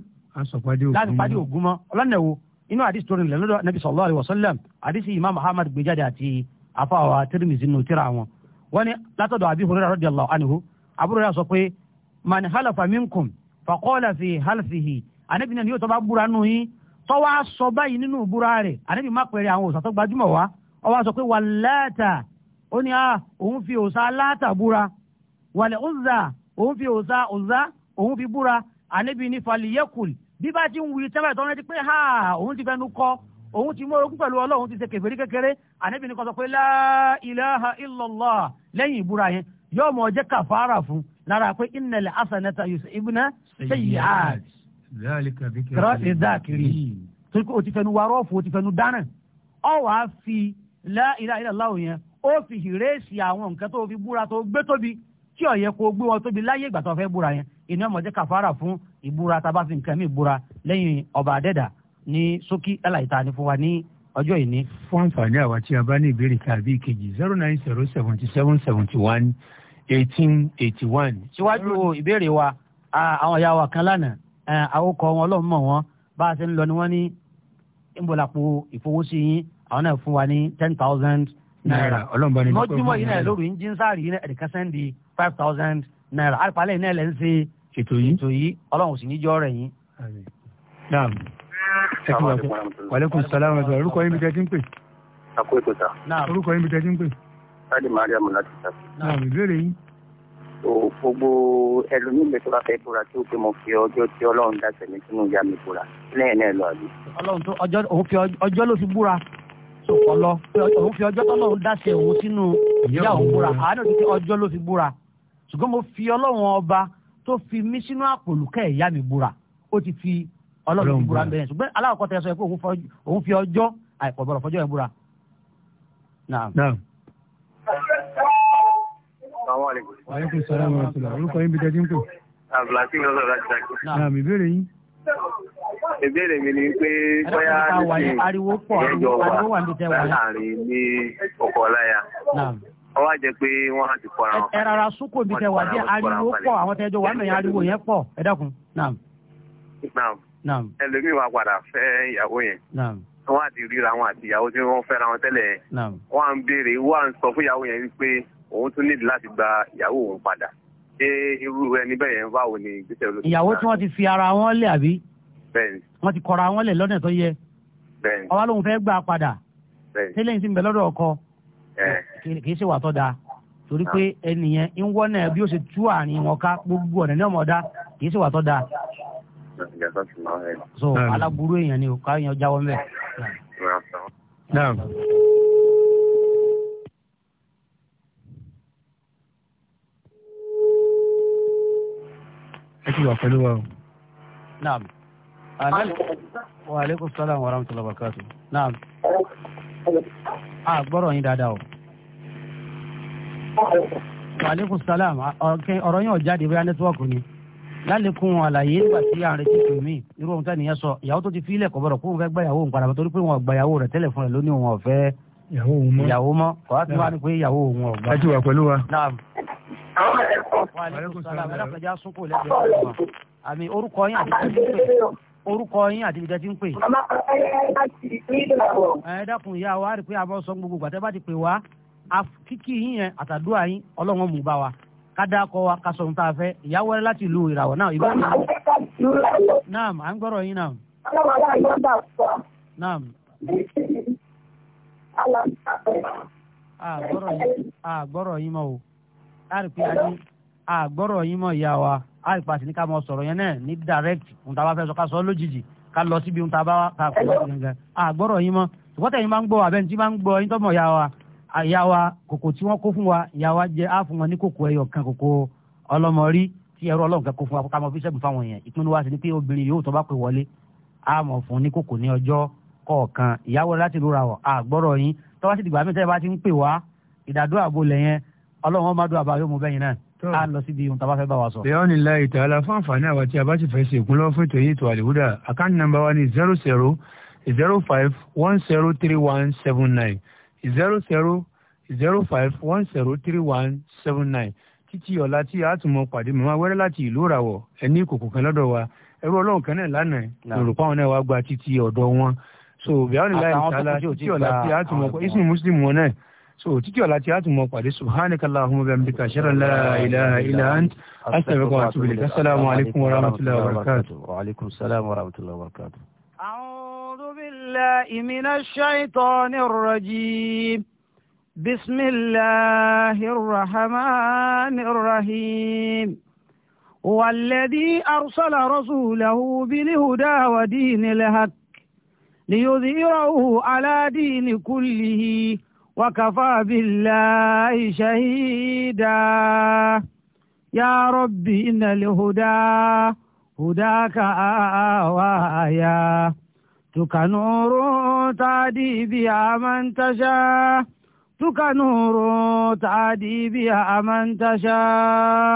láti pàdé ọlọ́nà wo inú àdìsí sallallahu alaihi wasallam imam muhammad gbé jáde àti afáwa tirimizi nù tíra wọn. wọ́n ní látọ̀dọ̀ àbí hurera radiyallahu anhu àbúrò rẹ̀ sọ pé fàkọ́ọ̀lá sí hálsìhì ànábì náà ni yóò tọ́ bá búra nù yín tọ́ wá sọ báyìí nínú ìbúra rẹ̀ ànábì má pẹ̀rẹ̀ àwọn òòsà tó gbajúmọ̀ wá ọ wá sọ pé wà láàtà ó ní òun fi òòsà láàtà búra wàlẹ̀ òòsà òun fi òòsà òòsà òun fi búra ànábì ní faliyekul bí bá ti ń wí tẹ́lẹ̀ tọ́ rántí pé ha òun ti fẹnu kọ́ òun ti mú orogún pẹ̀lú ọlọ́run ti ṣe kèfèrí kékeré ànábì ní kó pé la ilaha lẹ́yìn ìbúra yẹn yóò jẹ́ kàfàrà fún lára pé innal hasanata yusibna sayyi'at kìrọ́ọ̀tì dákìrì torí pé o ti fẹnu wa rọ́ọ̀fù o ti fẹnu dáná ọ wàá fi la ilaha illallah yẹn ó fi ìrèsì àwọn nǹkan tó fi búra tó gbé tóbi tí ó yẹ kó gbé wọn tóbi láyé ìgbà tó fẹ́ búra yẹn ìní ọmọdé kàfàrà fún ìbúra tá a bá fi nǹkan mìíràn búra lẹ́yìn ọba àdẹ́dà ní ṣókí aláìta ni fún wa ní ọjọ́ ìní. fún àǹfààní àwa tí a bá ní ìbéèrè tàbí ìkejì zero nine zero seventy seven seventy one eighteen eighty one. síwájú ìbéèrè wa àwọn ìyá wa kan lánàá àwòkọ wọn ọlọ́run mọ̀ wọn bá a ṣe ń lọ ni wọ́n ní ìbòlápò ìfowósí yín àwọn náà fún wa ní ten thousand naira ọlọ́mọba ni lọ́kọ̀ mọ́júmọ́ yìí náà lóru ń jí ń sáàrì yìí náà ẹ̀dẹ̀ká five thousand naira àpàlẹ́ yìí náà lẹ́ ń ṣe ètò yìí ètò yìí ọlọ́run sì níjọ́ rẹ̀ yín. naam ẹ kí wàá wàlẹ́kùn sàlámù àti orúkọ yín mi tẹ́ ti ń pè. orúkọ yín mi maria mọ̀lá ti tó gbogbo ẹlòmíì bẹ tó bá fẹ́ búra tó pé mo fi ọjọ́ tí ọlọ́run dá sẹ̀mí sínú ìyá mi búra lẹ́yìn náà lọ àbí. ọlọ́run tó ọjọ́ òun fi ọjọ́ ló fi búra sọ̀kọ́ lọ òun fi ọjọ́ tọ́lọ́run dá sẹ̀ òun sínú ìyá òun búra àánú ti fi ọjọ́ ló fi búra ṣùgbọ́n mo fi ọlọ́run ọba tó fi mí sínú àpòlùkẹ́ ìyá mi búra ó ti fi ọlọ́run búra bẹ́ẹ̀ ṣùgbọ́n aláwọ̀ kọ́tẹ́ sọ pé òun fi ọjọ́ àìpọ̀ bọ̀rọ̀ fọjọ́ ẹ̀ búra. naam salaamaleykum. waaleykum salaam wa rahmatulah orúkọ yín bí tẹ́jú ń pè. abdulhakeem lọ́sọ̀ láti dàgbé. naam ìbéèrè yín. ìbéèrè mi ni pé bóyá ní ariwo pọ̀ ariwo wà ní láàrin ní ọkọ̀ ọláyà. ọwọ́ àjẹ pé wọ́n á ti kọ́ra wọn. ẹ rárá sùkò bí tẹ́wọ̀ àti ariwo pọ̀ àwọn tẹ́jọ́ wà mẹ́yìn ariwo yẹn pọ̀ ẹ dákun. naam. naam. ẹlòmíì wá padà fẹ́ ìyàwó yẹn. naam wọn àti ríra wọn àti ìyàwó tí wọn fẹ́ra wọn tẹ́lẹ̀ wọn à ń béèrè wọn à ń sọ fún ìyàwó yẹn wípé òun tún nídìí láti gba ìyàwó òun padà ṣé irú ẹni bẹ́ẹ̀ yẹn báwo ni ìgbésẹ̀ olóṣèlú. ìyàwó tí wọ́n ti fi ara wọn lẹ̀ àbí. bẹ́ẹ̀ni. wọ́n ti kọra wọn lẹ̀ lọ́nà tó yẹ. bẹ́ẹ̀ni. ọwọ́ lóun fẹ́ gbà padà. bẹ́ẹ̀ni. tẹ́lẹ̀ ń sì ń bẹ lọ́dọ̀ ọkọ. kì í ṣe wà tọ́ da torí pé ah. ẹnìyẹn ń wọ́n náà bí ó ṣe tú àárín wọn ká gbogbo ọ̀nà náà mọ̀ dá kì í ṣe wà tọ́ da. so alaburu èèyàn ni ò ká èèyàn jáwọ́ mẹ́. ẹ ti wà pẹ̀lú wa o. naam wa aleykum salaam wa rahmatulah wa barakatu naam a gbọ́dọ̀ yín dáadáa o. wa aleykum salaam ọ̀rọ̀ yín ò jáde bóyá nẹ́tíwọ́ọ̀kì ni lálẹ́kùn àlàyé nígbà tí à ń retí pè mí irú ohun tẹ́niyẹn sọ ìyàwó tó ti fi ilẹ̀ kọ̀bọ̀rọ̀ kóun fẹ́ gbàyàwó ń padà torí pé wọn gbàyàwó rẹ̀ tẹ́lẹ̀ fún rẹ̀ lónìí wọn ò fẹ́ ìyàwó mọ́ kọ́ á ti wá ní pé ìyàwó òun ọ̀gbà. ẹ ti wà pẹ̀lú wa. naam alákàjá sókò àmì orúkọ yín àti ibi ń pè orúkọ yín àti ibi ń pè. ẹ dákun ìyá wa rí pé a bọ́ sọ gbogbo gbàtẹ́ bá ti pè wá kíkí yín yẹn àtàdúrà yín a fẹ́ láti ìlú ìràwọ̀ náà ìbá mi. à ń gbọ́rọ̀ yín àrùpé àní àgbọ̀rọ̀ yín mọ̀ ìyá wa àrùpé àti ní ká mọ sọ̀rọ̀ yẹn náà ní direct ohun tá a bá fẹ́ sọ ká sọ lójijì ká lọ síbi ohun tá a bá ká kọ́ ọ́ gangan àgbọ̀rọ̀ yín mọ̀ ìwọ́tẹ̀ yín máa ń gbọ́ àbẹ́ni tí máa ń gbọ́ yín tọ́mọ̀ ìyá wa ìyá wa kòkò tí wọ́n kó fún wa ìyá wa jẹ́ á fún wọn ní kòkò ẹyọ kan kòkò ọlọ́mọrí tí ẹrú ọlọ́run kan kó fún wa ká mọ ọlọ́run ọmọdé àbá yóò mú bẹ́yìn náà a lọ síbi ohun tàbá fẹ́ bá wa sọ. bẹ́ẹ̀ ni láì tà la fún àǹfààní àwa tí a bá ti fẹ́ ṣe ìkúnlọ́ fún ètò yìí tó àlèwúdà àkáǹtì nàmbà wa ni zero zero zero five one zero three one seven nine zero zero zero five one zero three one seven nine títí ọ̀la tí a tún mọ pàdé màmá wẹ́rẹ́ láti ìlú ìràwọ̀ ẹni ìkòkò kan lọ́dọ̀ wa ẹrú ọlọ́run kan náà lánàá olùkọ́ àwọn náà wá so bẹ́ẹ̀ ni láì tà á la títí ọ̀la tí a tún mọ ìsìn mùsùlùmí so títí ọ̀la tí a tún mọ pàdé subhanakallahumma wa bihamdika ashhadu an la ilaha illa ant astaghfiruka wa atubu ilayk assalamu alaykum wa rahmatullahi wa barakatuh. wa alaykum salaam wa rahmatullahi wa barakatuh. a'udhu billahi minash shaitanir rajim. بسم الله الرحمن الرحيم أرسل رسوله بالهدى ودين الهك ليظهره على دين كله وكفى بالله شهيدا يا ربي إن الهدى هداك آوايا تك نور تعدي بها من تشاء تك نور تعدي بها من تشاء